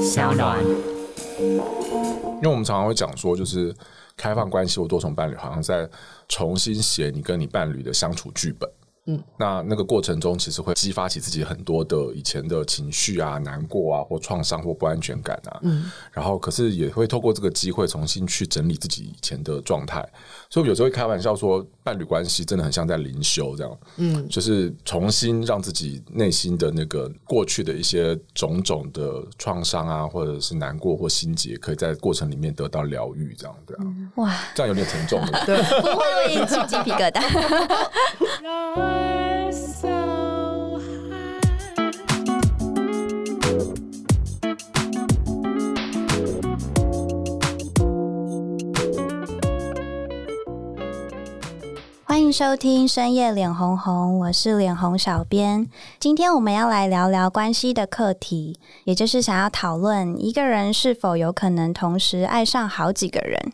小暖， on. 因為我們常常會講說，就是開放關係或多重伴侶，好像在重新寫你跟你伴侶的相處劇本。嗯，那那個過程中，其實會激發起自己很多的以前的情緒啊、難過啊，或創傷或不安全感啊。嗯，然後可是也會透過這個機會重新去整理自己以前的狀態，所以有時候會開玩笑說，伴侶關係真的很像在靈修這樣。嗯，就是重新讓自己內心的那個過去的一些種種的創傷啊，或者是難過或心結，可以在過程裡面得到療癒，這樣對啊。嗯、哇，這樣有點沉重。 對， 不會引起雞皮疙瘩？ 歡迎收聽深夜臉紅紅，我是臉紅小編。今天我們要來聊聊關係的課題，也就是想要討論一個人是否有可能同時愛上好幾個人。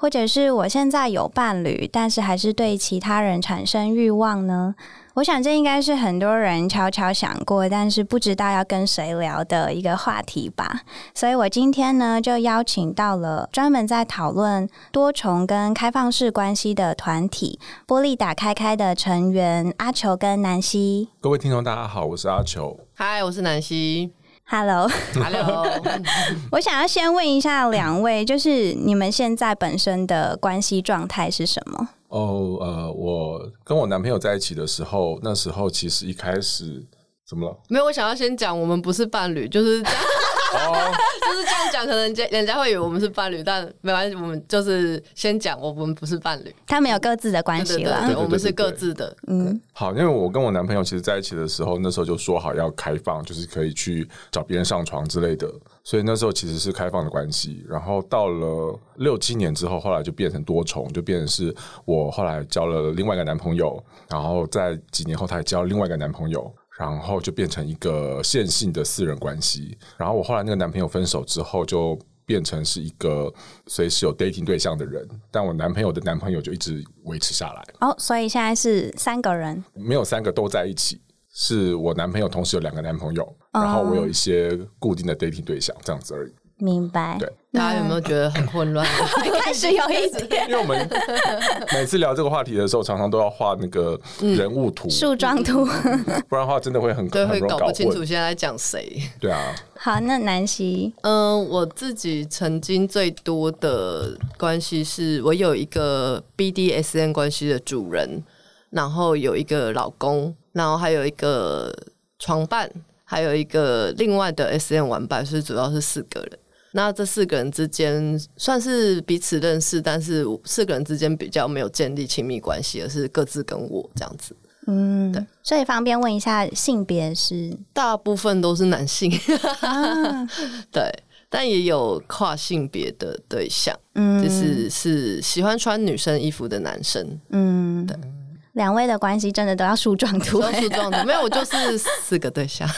或者是我現在有伴侶，但是還是對其他人產生慾望呢？我想這應該是很多人悄悄想過，但是不知道要跟誰聊的一個話題吧。所以我今天呢，就邀請到了專門在討論多重跟開放式關係的團體“波栗打開開”的成員阿球跟南西。各位聽眾，大家好，我是阿球。嗨，我是南西。Hello，Hello，Hello 我想要先問一下兩位， 就是你們現在本身的關係狀態是什麼？哦，呃，我跟我男朋友在一起的時候，那時候其實一開始怎麼了？沒有，我想要先講，我們不是伴侶，就是這樣。 哦， oh, 就是這樣講，可能人家會以為我們是伴侶， 但沒關係，我們就是先講，我們不是伴侶，他們有各自的關係了。對對對，我們是各自的。嗯，好，因為我跟我男朋友其實在一起的時候，那時候就說好要開放，就是可以去找別人上床之類的，所以那時候其實是開放的關係。然後到了六七年之後，後來就變成多重，就變成是我後來交了另外一個男朋友，然後在幾年後，才也交另外一個男朋友。然後就變成一個線性的私人關係。然後我後來那個男朋友分手之後，就變成是一個隨時有 dating 對象的人。但我男朋友的男朋友就一直維持下來。哦，所以現在是三個人？沒有，三個都在一起，是我男朋友同時有兩個男朋友，嗯。然後我有一些固定的 dating 對象，這樣子而已。明白。對，嗯、大家有沒有覺得很混亂？開始有一點。 因為我們每次聊這個話題的時候，常常都要畫那個人物圖、樹狀、嗯、圖， 不然的話真的會很對，會搞，搞不清楚現在講誰。對啊。好，那南西，嗯，我自己曾經最多的關係是我有一個 BDSM 關係的主人，然後有一個老公，然後還有一個床伴，還有一個另外的 SM 玩伴，所以主要是四個人。那這四個人之間算是彼此認識，但是四個人之間比較沒有建立親密關係，而是各自跟我這樣子。嗯，對所以方便問一下性別是？大部分都是男性，啊、 對，但也有跨性別的對象，嗯，就是是喜歡穿女生衣服的男生，嗯。對兩位的關係真的都要樹狀圖，都樹狀圖。沒有，我就是四個對象。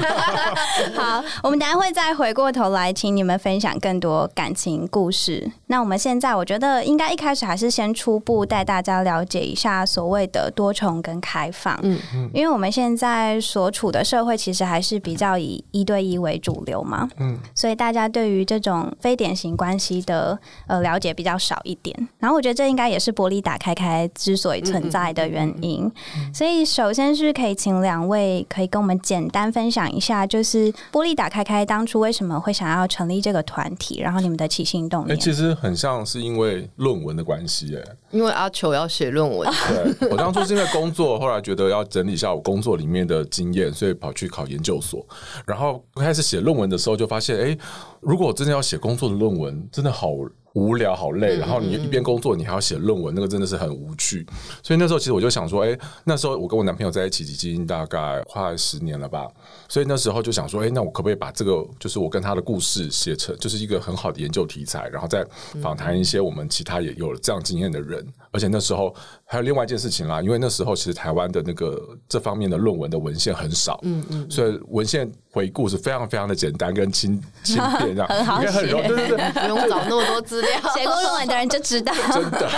好，我們等下會再回過頭來，請你們分享更多感情故事。那我們現在，我覺得應該一開始還是先初步帶大家了解一下所謂的多重跟開放。嗯嗯，嗯因為我們現在所處的社會其實還是比較以一對一為主流嘛，嗯、所以大家對於這種非典型關係的呃了解比較少一點。然後我覺得這應該也是波栗打開開之所以存在的嗯嗯。原因，所以首先是可以請兩位可以跟我們簡單分享一下，就是波栗打開開當初為什麼會想要成立這個團體，然後你們的起心動念？欸、其實很像是因為論文的關係、欸，因為阿球要寫論文。對，我當初是因為工作，後來覺得要整理一下我工作裡面的經驗，所以跑去考研究所。然後開始寫論文的時候，就發現，哎、欸，如果真的要寫工作的論文，真的好。無聊，好累，然後你一邊工作，你還要寫論文，嗯嗯，那個真的是很無趣。所以那時候其實我就想說，哎、欸，那時候我跟我男朋友在一起已經大概快十年了吧。所以那時候就想說，哎、欸，那我可不可以把這個，就是我跟他的故事寫成，就是一個很好的研究題材，然後再訪談一些我們其他也有這樣經驗的人。嗯嗯，而且那時候還有另外一件事情啦，因為那時候其實台灣的那個這方面的論文的文獻很少，嗯嗯，嗯嗯，所以文獻回顧是非常非常的簡單跟輕輕便這樣， 很好寫。對對對，不用找那麼多資。寫過論文的人就知道， 真的。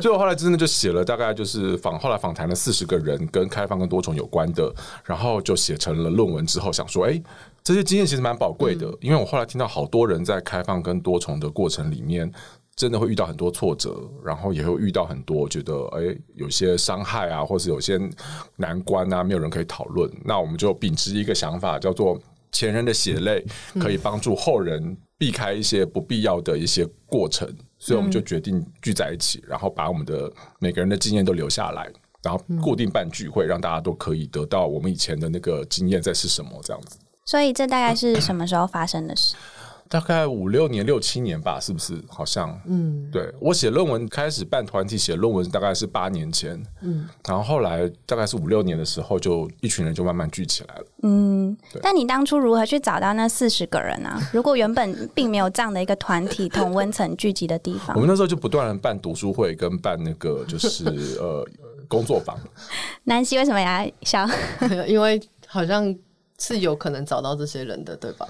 所以，我後來真的就寫了大概就是訪，後來訪談了四十個人跟開放跟多重有關的，然後就寫成了論文。之後想說，欸，這些經驗其實蠻寶貴的，因為我後來聽到好多人在開放跟多重的過程裡面，真的會遇到很多挫折，然後也會遇到很多覺得欸，有些傷害啊，或是有些難關啊，沒有人可以討論。那我們就秉持一個想法，叫做。前人的血淚可以幫助後人避開一些不必要的一些過程，嗯，所以我們就決定聚在一起，然後把我們的每個人的經驗都留下來，然後固定辦聚會，讓大家都可以得到我們以前的那個經驗在是什麼這樣子。所以這大概是什麼時候發生的事？嗯嗯大概五六年、六七年吧，是不是？好像，嗯，對，我寫論文開始辦團體寫論文，大概是八年前，嗯，然後後來大概是五六年的時候就，就一群人就慢慢聚起來了，嗯。對但你當初如何去找到那四十個人呢、啊？如果原本並沒有這樣的一個團體、同溫層聚集的地方， 我們那時候就不斷的辦讀書會，跟辦那個就是呃 工作坊。南西為什麼要笑？ 因為好像。是有可能找到這些人的，對吧？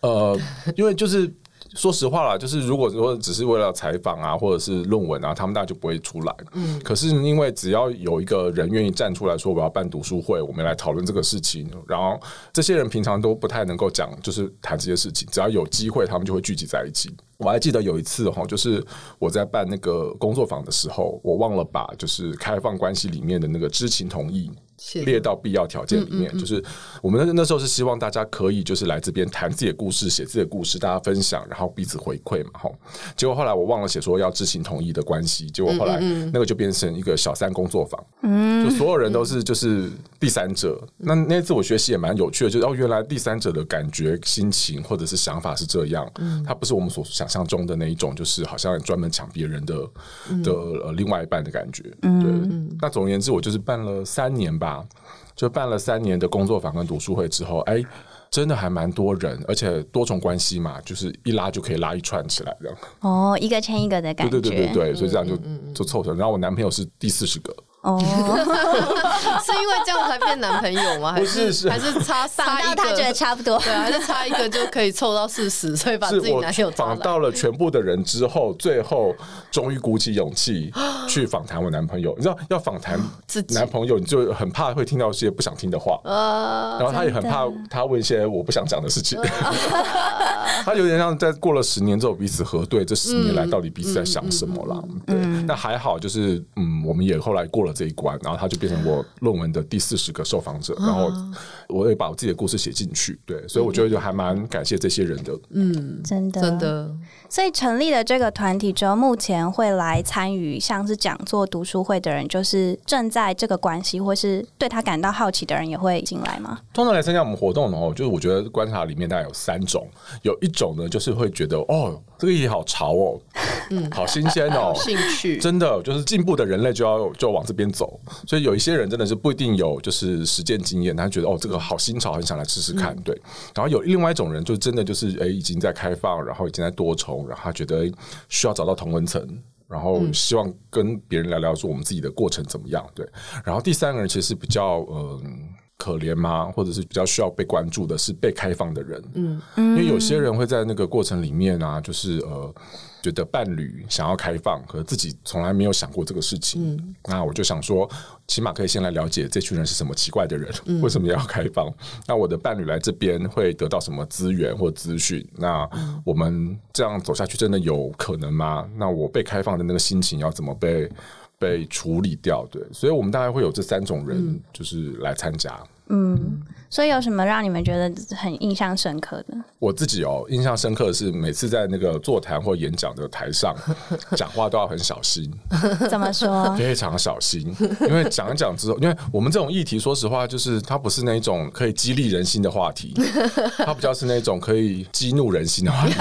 呃，因為就是說實話啦，就是如果說只是為了採訪啊，或者是論文啊，他們大家就不會出來。嗯，可是因為只要有一個人願意站出來說，我要辦讀書會，我們來討論這個事情，然後這些人平常都不太能夠講，就是談這些事情，只要有機會，他們就會聚集在一起。我還記得有一次哈，就是我在辦那個工作坊的時候，我忘了把就是開放關係裡面的那個知情同意是列到必要條件裡面。嗯嗯嗯，就是我們那那時候是希望大家可以就是來這邊談自己的故事、寫自己的故事，大家分享，然後彼此回饋嘛哈。結果後來我忘了寫說要知情同意的關係，結果後來那個就變成一個小三工作坊，嗯嗯嗯，就所有人都是就是第三者。嗯嗯，那那次我學習也蠻有趣的，就是哦，原來第三者的感覺、心情或者是想法是這樣，嗯，他不是我們所想像中的那一種，就是好像專門搶別人的、嗯、的、呃、另外一半的感覺。嗯、對，那總而言之，我就是辦了三年吧，就辦了三年的工作坊跟讀書會之後，哎、欸，真的還蠻多人，而且多重關係嘛，就是一拉就可以拉一串起來的。哦，一個牽一個的感覺、嗯，對對對對，所以這樣就就湊成。嗯、然後我男朋友是第四十個。哦， 是因為這樣才變男朋友嗎？還是不是，是是還是差三，差個，他覺得差不多，對，還是差一個就可以湊到四十， 所以把自己男朋友。訪到了全部的人之後，最後終於鼓起勇氣去訪談我男朋友。 你知道，要訪談自己男朋友，嗯、你就很怕會聽到一些不想聽的話，嗯、然後他也很怕他問一些我不想講的事情。嗯、 他有點像在過了十年之後彼此核對這十年來到底彼此在想什麼了。嗯嗯嗯、對，那還好，就是嗯，我們也後來過了，這一關，然後他就變成我論文的第四十個受訪者，然後我會把我自己的故事寫進去。對，所以我覺得就還蠻感謝這些人的。嗯，真的，真的。所以成立了這個團體，之後，目前會來參與，像是講座、讀書會的人，就是正在這個關係，或是對他感到好奇的人，也會進來嗎？通常來參加我們活動的話，就是我覺得觀察裡面大概有三種，有一種呢，就是會覺得哦。這個議題好潮哦， 嗯，好新鮮哦，啊、興趣真的就是進步的人類就要就往這邊走，所以有一些人真的是不一定有就是實踐經驗，他覺得哦這個好新潮，很想來試試看，嗯、對。然後有另外一種人，就真的就是誒、欸，已經在開放，然後已經在多重，然後他覺得需要找到同溫層，然後希望跟別人聊聊說我們自己的過程怎麼樣，嗯、對。然後第三個人其實是比較嗯。呃可憐嗎？或者是比較需要被關注的，是被開放的人。嗯，嗯，因為有些人會在那個過程裡面啊，就是呃，覺得伴侶想要開放，可自己從來沒有想過這個事情。嗯、那我就想說，起碼可以先來了解這群人是什麼奇怪的人，為什麼要開放？嗯、那我的伴侶來這邊會得到什麼資源或資訊？那我們這樣走下去真的有可能嗎？那我被開放的那個心情要怎麼被？被處理掉，對，所以我們大概會有這三種人，就是來參加。嗯，所以有什麼讓你們覺得很印象深刻的？我自己哦，印象深刻的是每次在那個座談或演講的台上講話都要很小心。 怎麼說？非常小心，因為講一講之後，因為我們這種議題，說實話，就是它不是那種可以激勵人心的話題，它比較是那種可以激怒人心的話題。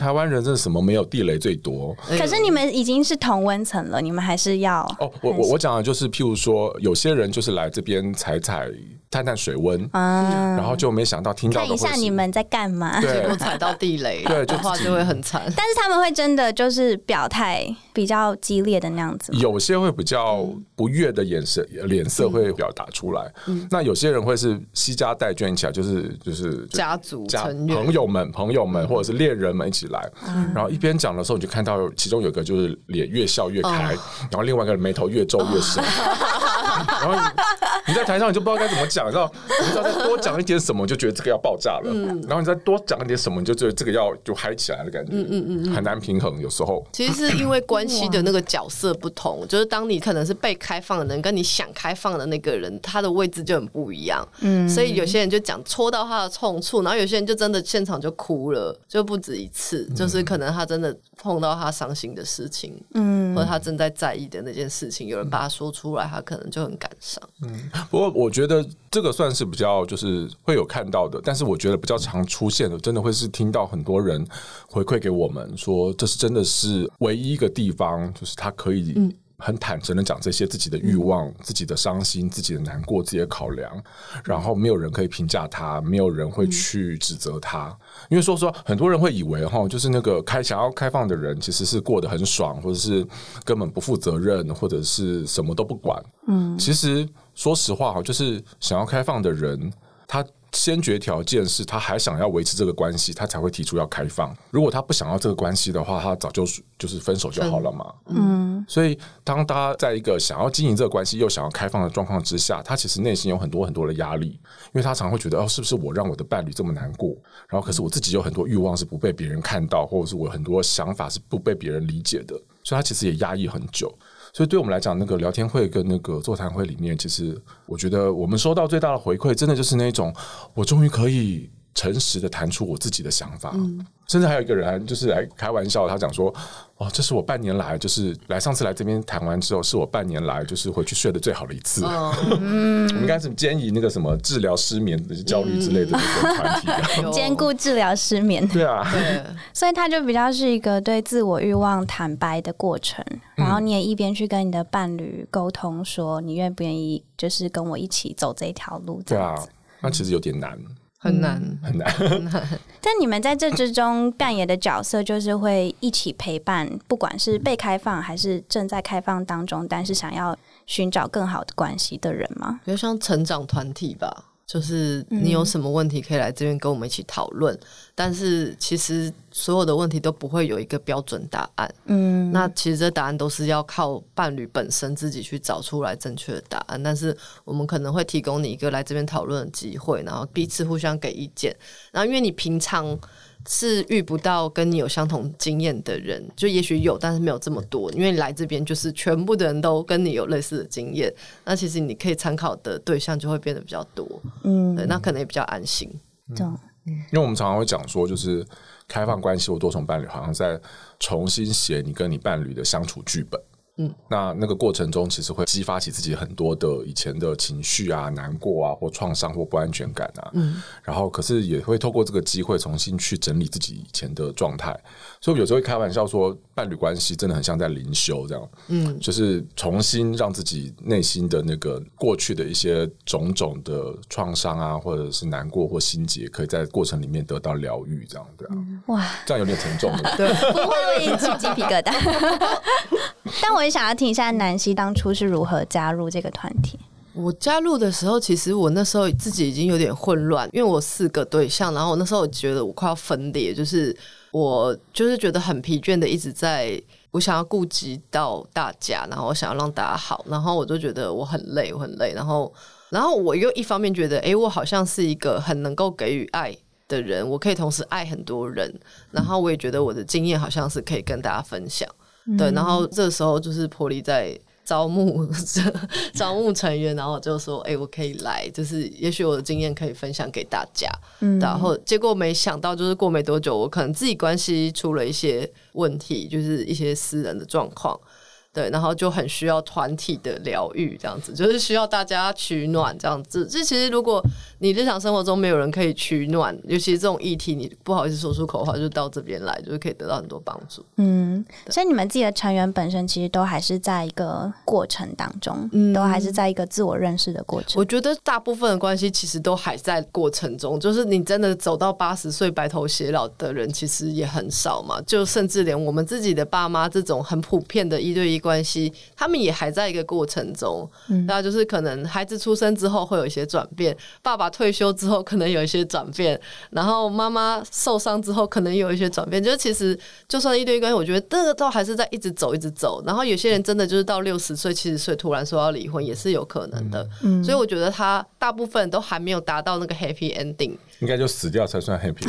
台灣人是什麼沒有地雷最多？可是你們已經是同溫層了，你們還是要哦。我我我講的就是，譬如說，有些人就是來這邊踩踩，探探水溫啊，然後就沒想到聽到看一下你們在幹嘛，結果踩到地雷， 對，就話就會很慘。 但是他們會真的就是表態。比較激烈的那樣子，有些會比較不悅的眼神、臉色會表達出來。那有些人會是攜家帶眷一起來，就是就是家族、家朋友們、朋友們或者是戀人們一起來。然後一邊講的時候，你就看到其中有個就是臉越笑越開，然後另外一個眉頭越皺越深。然後你在台上，你就不知道該怎麼講，你知道？不知道再多講一點什麼，就覺得這個要爆炸了。然後你再多講一點什麼，就覺得這個要就嗨起來的感覺。嗯嗯嗯，很難平衡。有時候其實是因為關。期哇的那個角色不同，就是當你可能是被開放的人，跟你想開放的那個人，他的位置就很不一樣。嗯，所以有些人就講戳到他的痛處，然後有些人就真的現場就哭了，就不止一次，就是可能他真的碰到他傷心的事情，嗯，或者他正在在意的那件事情，有人把他說出來，他可能就很感傷。嗯，不過我覺得這個算是比較就是會有看到的，但是我覺得比較常出現的，真的會是聽到很多人回饋給我們說，這是真的是唯一一個地方。對方就是他可以很坦誠的講這些自己的欲望、嗯、自己的傷心、嗯、自己的難過、自己的考量，然後沒有人可以評價他，沒有人會去指責他，嗯、因為說實話，很多人會以為哈，就是那個開想要開放的人其實是過得很爽，或者是根本不負責任，或者是什麼都不管。嗯，其實說實話哈，就是想要開放的人他。先決條件是，他還想要維持這個關係，他才會提出要開放。如果他不想要這個關係的話，他早就就是分手就好了嘛。嗯，所以當他在一個想要經營這個關係又想要開放的狀況之下，他其實內心有很多很多的壓力，因為他常會覺得哦，是不是我讓我的伴侶這麼難過？然後可是我自己有很多慾望是不被別人看到，或者是我很多想法是不被別人理解的，所以他其實也壓抑很久。所以，對我們來講，那個聊天會跟那個座談會裡面，其實我覺得我們收到最大的回饋，真的就是那種我終於可以誠實的談出我自己的想法。嗯、甚至還有一個人就是來開玩笑，他講說：“哦，這是我半年來就是來上次來這邊談完之後，是我半年來就是回去睡得最好的一次。嗯” 我們應該是建議那個什麼治療失眠，那些焦慮之類的團體這樣，嗯、 兼顧治療失眠。對啊，對了所以他就比較是一個對自我慾望坦白的過程。然後你也一邊去跟你的伴侶溝通，說你願不願意，就是跟我一起走這條路，這樣對、啊、那其實有點難，很難、嗯，很難，很難 但你們在這之中扮演的角色，就是會一起陪伴，不管是被開放還是正在開放當中，但是想要尋找更好的關係的人嗎？比如像成長團體吧。就是你有什麼問題可以來這邊跟我們一起討論，嗯、但是其實所有的問題都不會有一個標準答案。嗯，那其實這答案都是要靠伴侶本身自己去找出來正確的答案，但是我們可能會提供你一個來這邊討論的機會，然後彼此互相給意見。然後因為你平常。是遇不到跟你有相同經驗的人，就也許有，但是沒有這麼多。因為你來這邊就是全部的人都跟你有類似的經驗，那其實你可以參考的對象就會變得比較多，嗯，對，那可能也比較安心。對，嗯，因為我們常常會講說，就是開放關係或多重伴侶，好像在重新寫你跟你伴侶的相處劇本。嗯，那那個過程中，其實會激發起自己很多的以前的情緒啊、難過啊，或創傷或不安全感啊。嗯，然後可是也會透過這個機會重新去整理自己以前的狀態，所以我有時候會開玩笑說，伴侶關係真的很像在靈修這樣。嗯，就是重新讓自己內心的那個過去的一些種種的創傷啊，或者是難過或心結，可以在過程裡面得到療癒，這樣，對啊。嗯、哇，這樣有點沉重 對， 不會引起雞皮疙瘩的， 但我也是。我想要聽一下南西當初是如何加入這個團體？我加入的時候，其實我那時候自己已經有點混亂，因為我四個對象，然後我那時候我覺得我快要分裂，就是我就是覺得很疲倦的，一直在我想要顧及到大家，然後我想要讓大家好，然後我就覺得我很累，我很累，然後然後我又一方面覺得，哎、欸，我好像是一個很能夠給予愛的人，我可以同時愛很多人，嗯、然後我也覺得我的經驗好像是可以跟大家分享。對，然後這時候就是波栗在招募 招募成員，然後就說：“哎、欸，我可以來，就是也許我的經驗可以分享給大家。嗯”然後結果沒想到，就是過沒多久，我可能自己關係出了一些問題，就是一些私人的狀況。對，然後就很需要團體的療癒，這樣子，就是需要大家取暖，這樣子。這其實如果你日常生活中沒有人可以取暖，尤其是這種議題，你不好意思說出口的話，就到這邊來，就是可以得到很多幫助。嗯，對。所以你們自己的成員本身其實都還是在一個過程當中，嗯，都還是在一個自我認識的過程。我覺得大部分的關係其實都還在過程中，就是你真的走到八十歲白頭偕老的人其實也很少嘛，就甚至連我們自己的爸媽這種很普遍的一對一，關係，他們也還在一個過程中，嗯，那就是可能孩子出生之後會有一些轉變，爸爸退休之後可能有一些轉變，然後媽媽受傷之後可能有一些轉變。就是其實就算一對一關係，我覺得這個都還是在一直走，一直走。然後有些人真的就是到六十歲、七十歲突然說要離婚，也是有可能的。嗯，所以我覺得他大部分都還沒有達到那個 happy ending。應該就死掉才算 happy，就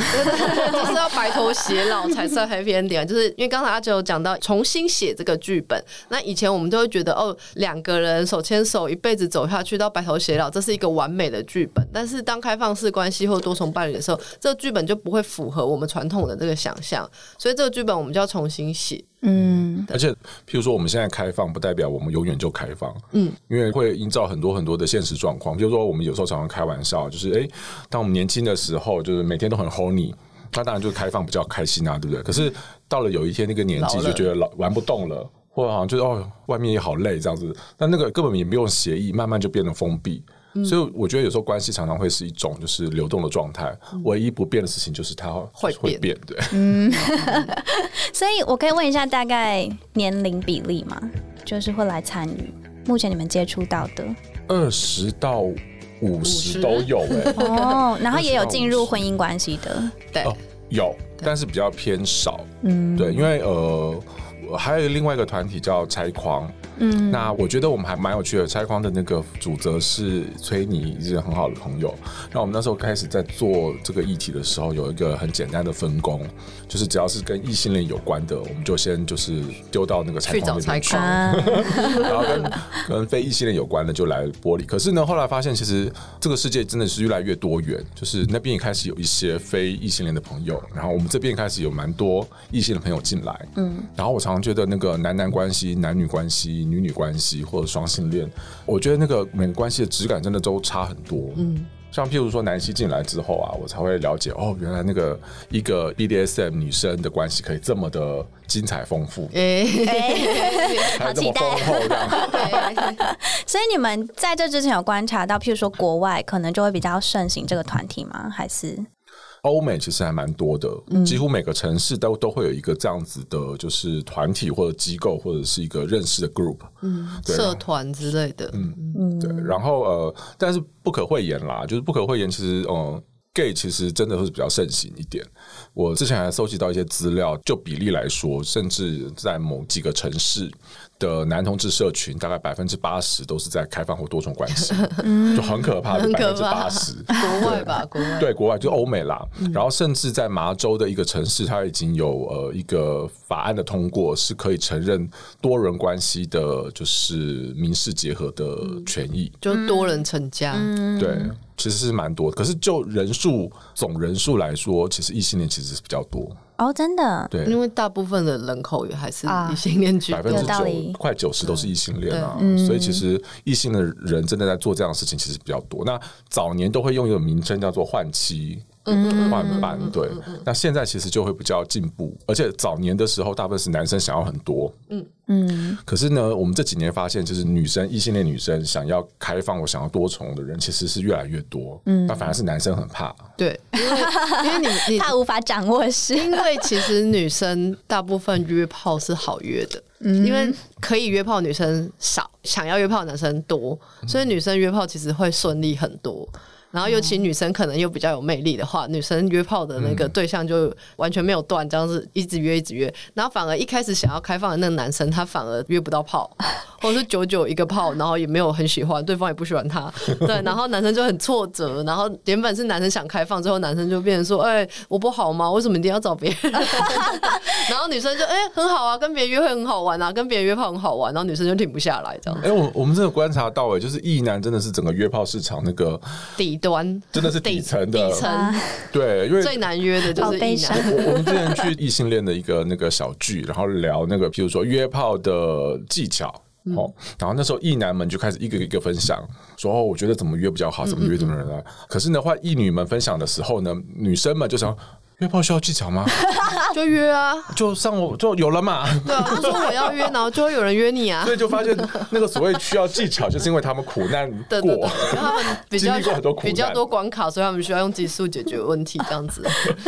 是要白頭偕老才算 happy ending。就是因為剛才阿球有講到重新寫這個劇本，那以前我們都會覺得哦，兩個人手牽手一輩子走下去到白頭偕老，這是一個完美的劇本。但是當開放式關係或多重伴侶的時候，這個劇本就不會符合我們傳統的這個想象，所以這個劇本我們就要重新寫。嗯，而且，譬如說我們現在開放，不代表我們永遠就開放，嗯，因為會營造很多很多的現實狀況。譬如說，我們有時候常常開玩笑，就是哎，當我們年輕的時候，就是每天都很 honey，那當然就開放比較開心啊，對不對？可是到了有一天那個年紀，就覺得老，老了玩不動了，或者好像就哦，外面也好累這樣子，但那個根本也沒有協議，慢慢就變得封閉。所以我覺得有時候關係常常會是一種就是流動的狀態，唯一不變的事情就是它會會變，對。嗯， 所以我可以問一下大概年齡比例嘛，就是會來參與目前你們接觸到的二十到五十都有，欸， 哦，然後也有進入婚姻關係的，對，哦，有，對但是比較偏少，嗯，對，因為呃還有另外一個團體叫拆狂。嗯，那我覺得我們還蠻有趣的。拆框的那個主責是崔尼，一個很好的朋友。那我們那時候開始在做這個議題的時候，有一個很簡單的分工。就是只要是跟異性戀有關的，我們就先就是丟到那個採訪裡面去。 然後跟跟非異性戀有關的就來玻璃。可是呢，後來發現其實這個世界真的是越來越多元。就是那邊也開始有一些非異性戀的朋友，然後我們這邊也開始有蠻多異性的朋友進來。嗯。然後我常常覺得那個男男關係、男女關係、女女關係或者雙性戀，我覺得那個每個關係的質感真的都差很多。嗯。像譬如說南西進來之後啊，我才會了解哦，原來那個一個 BDSM 女生的關係可以這麼的精彩豐富，好期待啊！ 所以你們在這之前有觀察到，譬如說國外可能就會比較盛行這個團體嗎？還是？歐美其實還蠻多的，嗯、幾乎每個城市都都會有一個這樣子的，就是團體或者機構或者是一個認識的 group，嗯，社團之類的，嗯，嗯，對。然後呃，但是不可諱言啦，就是不可諱言，其實，嗯、呃，gay 其實真的是比較盛行一點。我之前還搜集到一些資料，就比例來說，甚至在某幾個城市。的男同志社群大概百分之八十都是在開放或多重關係， 嗯、就很可怕的，百分之八十，國外吧，對國外，對國外就歐美啦。嗯、然後甚至在麻州的一個城市，它已經有呃一個法案的通過，是可以承認多人關係的，就是民事結合的權益，嗯、就多人成家。嗯、對，其實是蠻多，可是就人數總人數來說，其實異性戀其實是比較多。哦，oh, 真的，對，因為大部分的人口，也還是異性戀，百分之九快九十都是異性戀啊，所以其實異性的人真的在做這樣的事情其實比較多。嗯，那早年都會用一個名稱叫做換妻。嗯，換班對，那現在其實就會比較進步，嗯嗯、而且早年的時候大部分是男生想要很多，嗯嗯。嗯，可是呢，我們這幾年發現，就是女生異性戀女生想要開放，我想要多重的人其實是越來越多。嗯，但反而是男生很怕。對，因為，因為你怕無法掌握是。因為其實女生大部分約炮是好約的，嗯，因為可以約炮女生少，想要約炮的男生多，所以女生約炮其實會順利很多。然後，尤其女生可能又比較有魅力的話，嗯、女生約炮的那個對象就完全沒有斷，嗯、這樣子一直約一直約。然後反而一開始想要開放的那個男生，他反而約不到炮，或者是久久一個炮，然後也沒有很喜歡，對方也不喜歡他，對，然後男生就很挫折，然後原本是男生想開放，之後男生就變成說：“哎、欸，我不好嗎？為什麼一定要找別人？” 然後女生就：“哎、欸，很好啊，跟別人約會很好玩啊，跟別人約炮很好玩。”然後女生就停不下來這樣。哎、欸，我我們真的觀察到誒、欸，就是異男真的是整個約炮市場那個底端，真的是底層的底層層。對，因為最難約的就是異男悲。 我們之前去異性戀的一個那個小聚，然後聊那個，譬如說約炮的技巧。哦，然後那時候異男們就開始一個一個、一個分享，說哦，我覺得怎麼約比較好，怎麼約怎麼人啊。嗯嗯嗯，可是呢，換異女們分享的時候呢，女生們就想。約炮需要技巧嗎？ 就約啊，就上我就有了嘛。對啊，我說我要約，啊，然後 就會有人約你啊。 所以就發現那個所謂需要技巧，就是因為他們苦難過， 對對對，他們比較經歷過很多苦難，比較多關卡，所以他們需要用技術解決問題這樣子。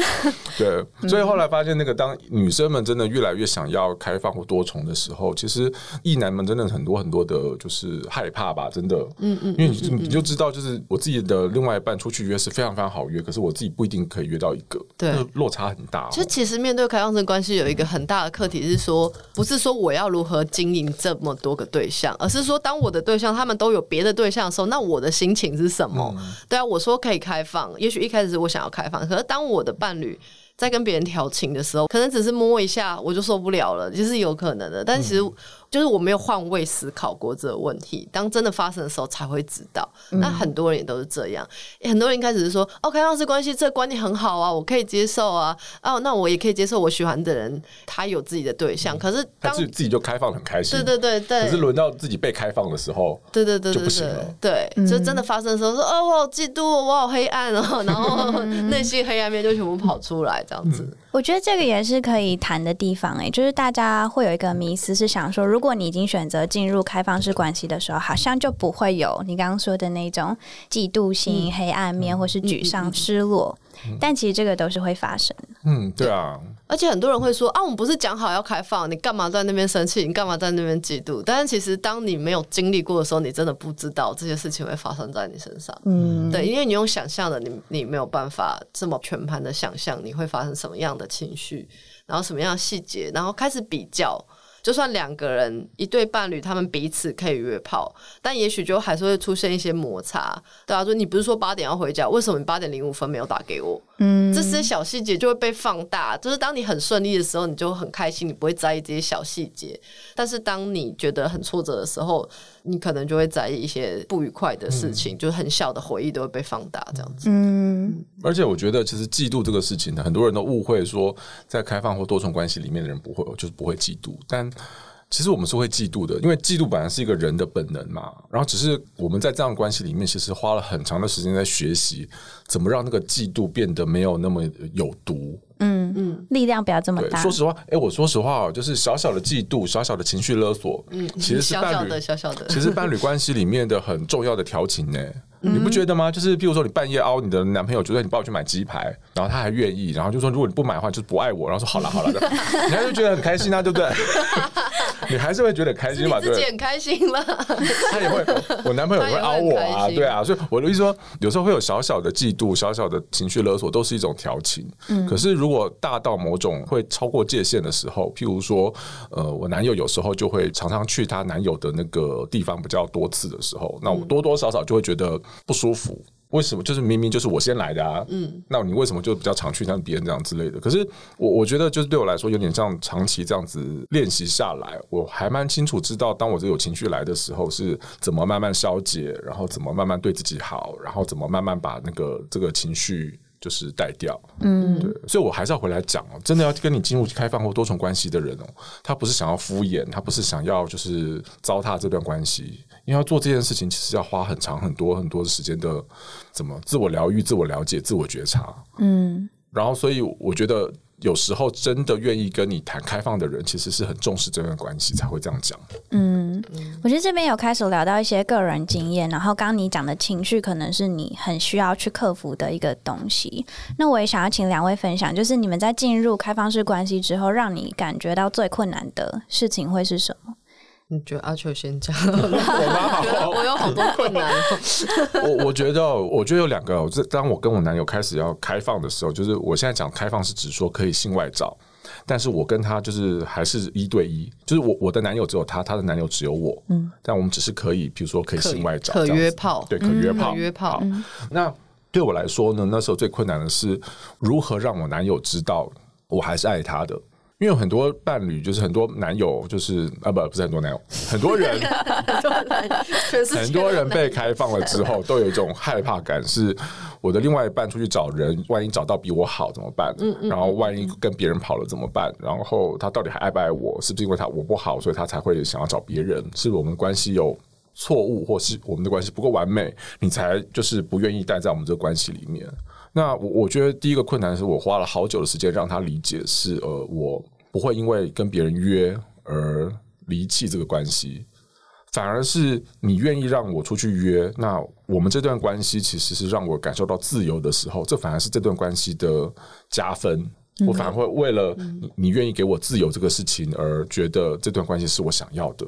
對，所以後來發現那個當女生們真的越來越想要開放或多重的時候，其實異男們，真的很多很多的，就是害怕吧，真的。嗯嗯、嗯、嗯、嗯嗯。因為你你就知道，就是我自己的另外一半出去約是非常非常好約，可是我自己不一定可以約到一個。對。落差很大。就其實面對開放式關係，有一個很大的課題是說，不是說我要如何經營這麼多個對象，而是說當我的對象他們都有別的對象的時候，那我的心情是什麼？對啊，我說可以開放，也許一開始是我想要開放，可是當我的伴侶在跟別人調情的時候，可能只是摸一下我就受不了了，就是有可能的。但其實。就是我沒有換位思考過這個問題，當真的發生的時候才會知道。那、嗯、很多人也都是這樣，很多人一開始是說“嗯、哦，開放式關係這個觀念很好啊，我可以接受啊，哦，那我也可以接受我喜歡的人他有自己的對象。嗯”可是當自己就開放很開心，對對對對。可是輪到自己被開放的時候，對對對，對，對就不行了。對，就真的發生的時候說：“嗯、哦，我好嫉妒、哦，我好黑暗哦。”然後內心黑暗面就全部跑出來，這樣子。嗯、我覺得這個也是可以談的地方哎、欸，就是大家會有一個迷思，是想說如果如果，你已經選擇進入開放式關係的時候，好像就不會有你剛剛說的那種嫉妒心、嗯、黑暗面、嗯、或是沮喪、失落。嗯嗯、但其實這個都是會發生。嗯，對啊。而且很多人會說：“啊，我們不是講好要開放？你幹嘛在那邊生氣？你幹嘛在那邊嫉妒？”但是其實，當你沒有經歷過的時候，你真的不知道這些事情會發生在你身上。嗯，對，因為你用想象的，你你沒有辦法這麼全盤的想象你會發生什麼樣的情緒，然後什麼樣的細節，然後開始比較。就算兩個人一對伴侶，他們彼此可以約炮，但也許就還是會出現一些摩擦。對啊，說你不是說八點要回家，為什麼你八點零五分沒有打給我？嗯，這些小細節就會被放大。就是當你很順利的時候，你就很開心，你不會在意這些小細節。但是當你覺得很挫折的時候。你可能就會在意一些不愉快的事情，嗯、就是很小的回憶都會被放大這樣子。嗯，而且我覺得其實嫉妒這個事情呢，很多人都誤會說在開放或多重關係裡面的人不會，就是不會嫉妒，但。其實我們是會嫉妒的，因為嫉妒本來是一個人的本能嘛。然後只是我們在這樣的關係裡面，其實花了很長的時間在學習怎麼讓那個嫉妒變得沒有那麼有毒。嗯嗯，力量不要這麼大。說實話，哎、欸，我說實話，就是小小的嫉妒，小小的情緒勒索，嗯、其實是伴侶、嗯、小小的，小小的其實伴侶關係裡面的很重要的調情呢、欸。嗯、你不覺得嗎？就是比如說，你半夜凹你的男朋友覺得你幫我去買雞排，然後他還願意，然後就說如果你不買的話就不愛我，然後說好了好了的，人家就覺得很開心啊，對不對？ 你還是會覺得開心吧，對，自己自己很開心了，對了，他也會，我男朋友也會凹我啊，對啊，所以我的意思說，有時候會有小小的嫉妒，小小的情緒勒索，都是一種調情。嗯，可是如果大到某種會超過界限的時候，譬如說，呃，我男友有時候就會常常去她男友的那個地方比較多次的時候，那我多多少少就會覺得不舒服。為什麼就是明明就是我先來的啊？嗯，那你為什麼就比較常去像別人這樣之類的？可是我我覺得就是對我來說有點像長期這樣子練習下來，我還蠻清楚知道，當我這有情緒來的時候，是怎麼慢慢消解，然後怎麼慢慢對自己好，然後怎麼慢慢把那個這個情緒就是帶掉。嗯，對，所以我還是要回來講哦，真的要跟你進入開放或多重關係的人哦，他不是想要敷衍，他不是想要就是糟蹋這段關係。因為要做這件事情，其實要花很長、很多、很多的時間的，怎麼自我療癒、自我了解、自我覺察。嗯，然後所以我覺得，有時候真的願意跟你談開放的人，其實是很重視這段關係，才會這樣講。嗯，我覺得這邊有開始聊到一些個人經驗，然後剛剛你講的情緒，可能是你很需要去克服的一個東西。那我也想要請兩位分享，就是你們在進入開放式關係之後，讓你感覺到最困難的事情會是什麼？你覺得阿球先講，我有好多困難。我我覺得，我覺得有兩個。這當我跟我男友開始要開放的時候，就是我現在講開放是指說可以性外找，但是我跟他就是還是一對一，就是我我的男友只有他，他的男友只有我。嗯，但我們只是可以，比如說可以性外找，可約炮，對，可約炮，約炮。那對我來說呢？那時候最困難的是如何讓我男友知道我還是愛他的。因為有很多伴侶，就是很多男友，就是啊，不，不是很多男友，很多人，很多人被開放了之後，都有一種害怕感，是我的另外一半出去找人，萬一找到比我好怎麼辦？然後萬一跟別人跑了怎麼辦？然後他到底還愛不愛我？是不是因為他我不好，所以他才會想要找別人？是我們關係有錯誤，或是我們的關係不夠完美，你才就是不願意待在我們這個關係裡面？那我我覺得第一個困難是我花了好久的時間讓他理解是，呃，我不會因為跟別人約而離棄這個關係，反而是你願意讓我出去約，那我們這段關係其實是讓我感受到自由的時候，這反而是這段關係的加分，我反而會為了你你願意給我自由這個事情而覺得這段關係是我想要的。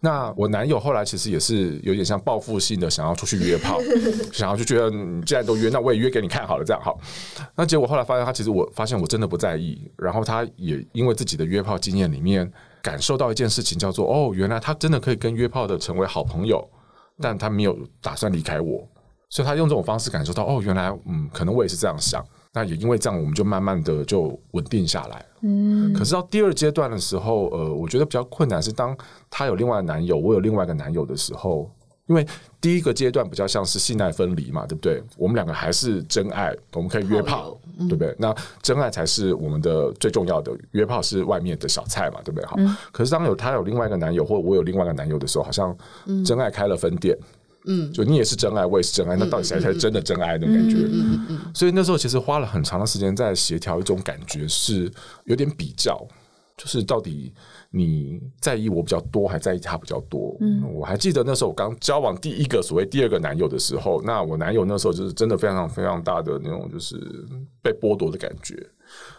那我男友後來其實也是有點像報復性的，想要出去約炮， 想要就覺得既然都約，那我也約給你看好了，這樣好。那結果後來發現，他其實我發現我真的不在意，然後他也因為自己的約炮經驗裡面感受到一件事情，叫做哦，原來他真的可以跟約炮的成為好朋友，但他沒有打算離開我，所以他用這種方式感受到哦，原來嗯，可能我也是這樣想。那也因為這樣，我們就慢慢的就穩定下來。可是到第二階段的時候，呃，我覺得比較困難是，當他有另外的男友，我有另外一個男友的時候，因為第一個階段比較像是性愛分離嘛，對不對？我們兩個還是真愛，我們可以約炮，好對不對？嗯、那真愛才是我們的最重要的，約炮是外面的小菜嘛，對不對？好，嗯、可是當有他有另外一個男友，或我有另外一個男友的時候，好像真愛開了分店。嗯嗯，就你也是真愛，我也是真愛，那到底誰才是真的真愛的感覺？嗯嗯嗯。所以那時候其實花了很長的時間在協調一種感覺，是有點比較，就是到底你在意我比較多，還在意他比較多？嗯，我還記得那時候我剛交往第一個所謂第二個男友的時候，那我男友那時候就是真的非常非常大的那種，就是被剝奪的感覺。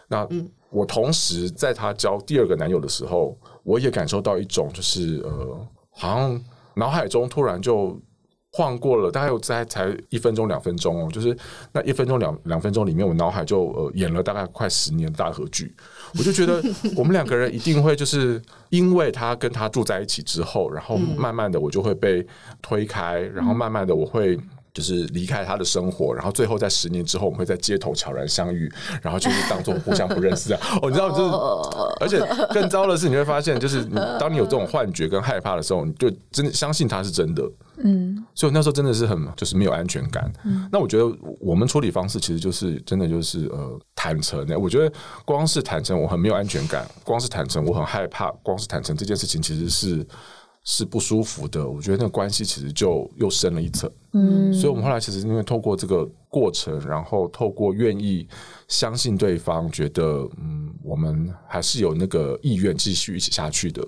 那我同時在他交第二個男友的時候，我也感受到一種就是呃，好像腦海中突然就。晃過了，大概有在才，才一分鐘兩分鐘哦、喔，就是那一分鐘兩兩分鐘裡面，我腦海就呃演了大概快十年大河劇， 我就覺得我們兩個人一定會就是因為他跟他住在一起之後，然後慢慢的我就會被推開，嗯、然後慢慢的我會。就是離開他的生活，然後最後在十年之後，我們會在街頭悄然相遇，然後就是當做互相不認識啊！ 哦，你知道，就是，而且更糟的是，你會發現，就是你當你有這種幻覺跟害怕的時候，你就真的相信他是真的。嗯，所以那時候真的是很，就是沒有安全感。嗯、那我覺得我們處理方式其實就是真的就是呃坦承、欸。我覺得光是坦承，我很沒有安全感；光是坦承，我很害怕；光是坦承，這件事情其實是。是不舒服的，我覺得那個關係其實就又深了一層。嗯，所以，我們後來其實因為透過這個過程，然後透過願意相信對方，覺得嗯，我們還是有那個意願繼續一起下去的，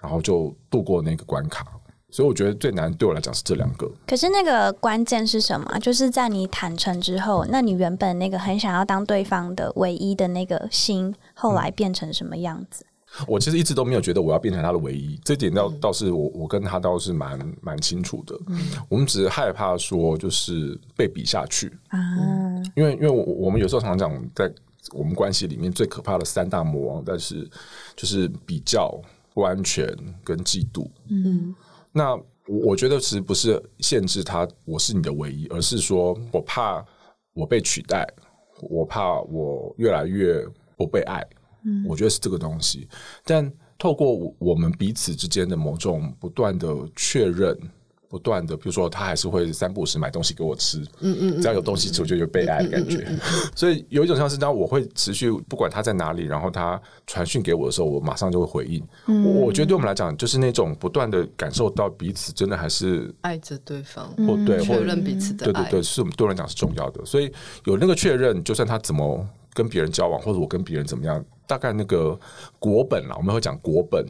然後就度過那個關卡。所以，我覺得最難對我來講是這兩個。可是，那個關鍵是什麼？就是在你坦誠之後，那你原本那個很想要當對方的唯一的那個心，後來變成什麼樣子？嗯。我其實一直都沒有覺得我要變成他的唯一，這點倒倒是我我跟他倒是蠻蠻清楚的。嗯，我們只是害怕說就是被比下去，啊，因為因為我我們有時候常常講，在我們關係裡面最可怕的三大魔王，但是就是比較不安全跟嫉妒。嗯，那我我覺得其實不是限制他我是你的唯一，而是說我怕我被取代，我怕我越來越不被愛。嗯、我覺得是這個東西，但透過我們彼此之間的某種不斷的確認，不斷的，比如說他還是會三不五時買東西給我吃，嗯嗯，嗯，只要有東西吃，我就有被愛的感覺。所以有一種像是，當我會持續不管他在哪裡，然後他傳訊給我的時候，我馬上就會回應。嗯、我覺得對我們來講，就是那種不斷的感受到彼此真的還是愛着對方，或對確認彼此的愛對，對對，是我們對我來講是重要的。所以有那個確認，就算他怎麼。跟別人交往，或者我跟別人怎麼樣，大概那個國本啦，我們會講國本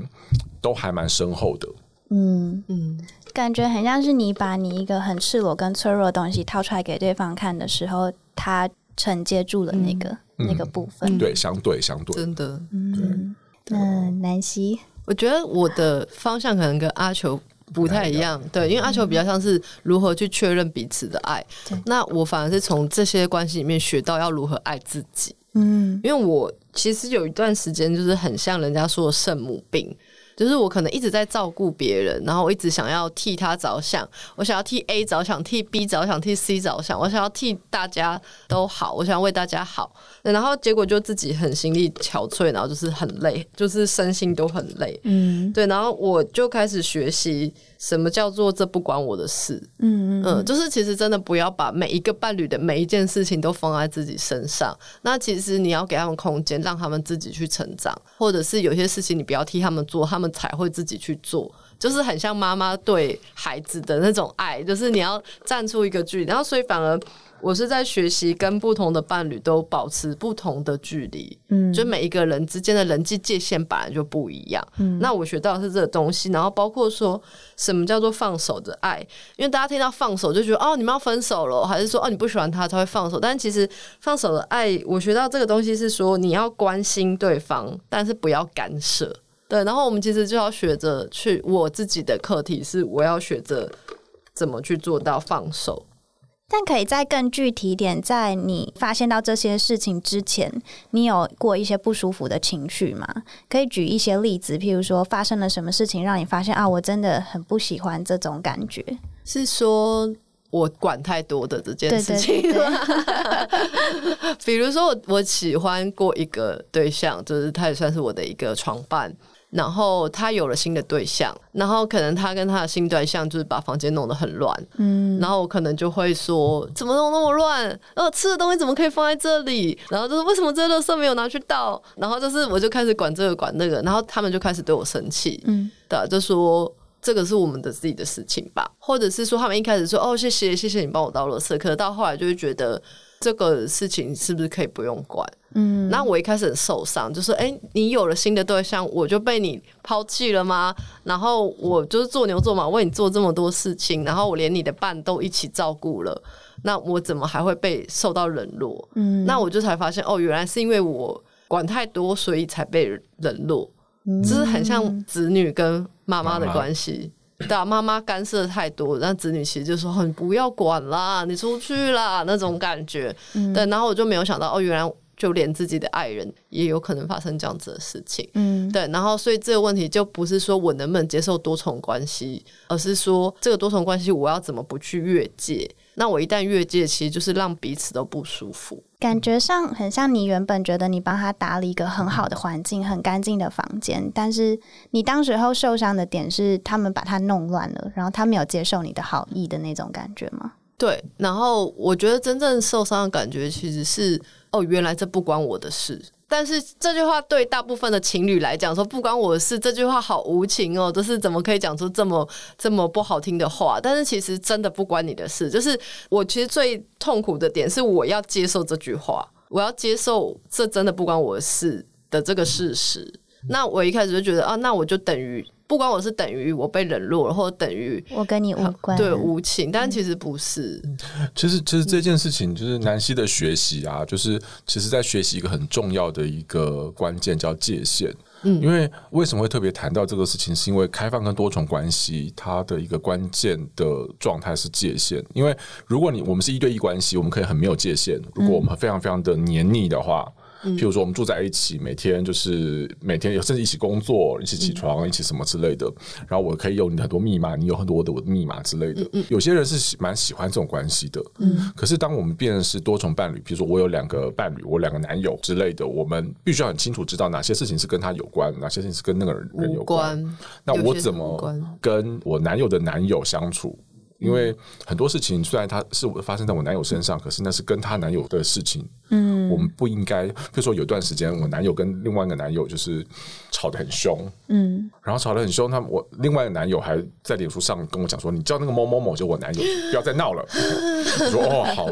都還蠻深厚的。嗯嗯，感覺很像是你把你一個很赤裸跟脆弱的東西掏出來給對方看的時候，他承接住了那個、嗯、那個部分、嗯。對，相對相對，真的。嗯對，那南西，我覺得我的方向可能跟阿球。不太一樣，對，因為阿球比較像是如何去確認彼此的愛，嗯、那我反而是從這些關係裡面學到要如何愛自己。嗯，因為我其實有一段時間就是很像人家說的聖母病。就是我可能一直在照顧別人，然後我一直想要替他着想，我想要替 A 着想，替 B 着想，替 C 着想，我想要替大家都好，我想要為大家好，然後結果就自己很心力憔悴，然後就是很累，就是身心都很累。嗯，對，然後我就開始學習什麼叫做這不管我的事。嗯嗯，嗯，嗯，就是其實真的不要把每一個伴侶的每一件事情都放在自己身上，那其實你要給他們空間，讓他們自己去成長，或者是有些事情你不要替他們做，他們。才會自己去做，就是很像媽媽對孩子的那種愛，就是你要站出一個距離，然後所以反而我是在學習跟不同的伴侶都保持不同的距離，嗯，就每一個人之間的人際界限本來就不一樣，嗯，那我學到的是這個東西，然後包括說什麼叫做放手的愛，因為大家聽到放手就覺得哦，你們要分手了，還是說哦，你不喜歡他，他會放手，但其實放手的愛我學到這個東西是說你要關心對方，但是不要干涉。對，然後我們其實就要學着去，我自己的課題是我要學着怎麼去做到放手。但可以再更具體點，在你發現到這些事情之前，你有過一些不舒服的情緒嗎？可以舉一些例子，譬如說發生了什麼事情讓你發現啊，我真的很不喜歡這種感覺，是說我管太多的這件事情。對，比如說我我喜歡過一個對象，就是他也算是我的一個床伴。然後他有了新的對象，然後可能他跟他的新對象就是把房間弄得很亂，嗯，然後我可能就會說怎麼弄那麼亂？後、哦、吃的東西怎麼可以放在這裡？然後就是為什麼這垃圾沒有拿去倒？然後就是我就開始管這個管那個，然後他們就開始對我生氣，嗯，的就說這個是我們的自己的事情吧，或者是說他們一開始說哦謝謝謝謝你幫我倒垃圾，可到後來就會覺得。這個事情是不是可以不用管？嗯，那我一開始很受傷，就是哎、欸，你有了新的對象，我就被你拋棄了嗎？然後我就是做牛做馬，為你做這麼多事情，然後我連你的伴都一起照顧了，那我怎麼還會被受到冷落？嗯，那我就才發現，哦，原來是因為我管太多，所以才被冷落。嗯，這是很像子女跟媽媽的關係。啊對啊，媽媽干涉太多，那子女其實就說：“你不要管啦，你出去啦”，那種感覺。嗯，對，然後我就沒有想到，哦，原來就連自己的愛人也有可能發生這樣子的事情。嗯，對，然後所以這個問題就不是說我能不能接受多重關係，而是說這個多重關係我要怎麼不去越界。那我一旦越界，其實就是讓彼此都不舒服。感覺上很像你原本覺得你幫他打理一個很好的環境、嗯、很乾淨的房間，但是你當時候受傷的點是他們把它弄亂了，然後他沒有接受你的好意的那種感覺嗎？對，然後我覺得真正受傷的感覺其實是，哦，原來這不關我的事。但是這句話對大部分的情侶來講，說不關我的事，這句話好無情哦、喔，就是怎麼可以講出這麼這麼不好聽的話？但是其實真的不關你的事。就是我其實最痛苦的點是，我要接受這句話，我要接受這真的不關我的事的這個事實。那我一開始就覺得啊，那我就等於。不管我是等於我被冷落，或者等於我跟你無關，啊、對無情，但其實不是、嗯嗯。其實，其實這件事情就是南西的學習啊，嗯、就是其實在學習一個很重要的一個關鍵叫界限。嗯，因為為什麼會特別談到這個事情，是因為開放跟多重關係，它的一個關鍵的狀態是界限。因為如果你我們是一對一關係，我們可以很沒有界限；如果我們非常非常的黏膩的話。嗯嗯譬如說，我們住在一起，每天就是每天，甚至一起工作，一起起床、嗯、一起什麼之類的。然後我可以有你很多密碼，你有很多我的密碼之類的。嗯嗯、有些人是蠻喜歡這種關係的。嗯、可是當我們變成是多重伴侶，比如說我有兩個伴侶，我兩個男友之類的，我們必須要很清楚知道哪些事情是跟他有關，哪些事情是跟那個人有關。關那我怎麼跟我男友的男友相處？關因為很多事情雖然他是發生在我男友身上，可是那是跟他男友的事情。嗯，我們不應該，比如說有段時間我男友跟另外一個男友就是吵得很凶，嗯，然後吵得很凶，那我另外一個男友還在臉書上跟我講說：“你叫那個某某某就我男友， 不要再鬧了。 說”說哦，好，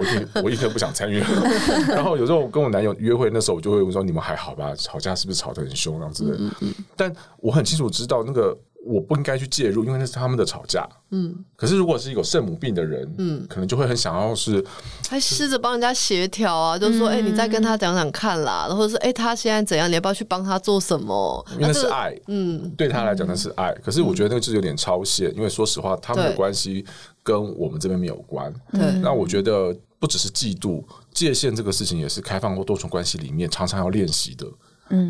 我一刻不想參與了。 然後有時候我跟我男友約會，那時候我就會問說：“你們還好吧？吵架是不是吵得很凶？”這樣子的。嗯嗯嗯。但我很清楚知道那個。我不應該去介入，因為那是他們的吵架。嗯，可是如果是一個聖母病的人，嗯，可能就會很想要是，還試着幫人家協調啊，就是說：“哎，你再跟他講講看啦。”然後說：“哎，他現在怎樣？你要不要去幫他做什麼？”因為那是愛，嗯，對他來講那是愛。可是我覺得那個字有點超限，因為說實話，他們的關係跟我們這邊沒有關。那我覺得不只是嫉妒，界限這個事情也是開放或多重關係裡面常常要練習的。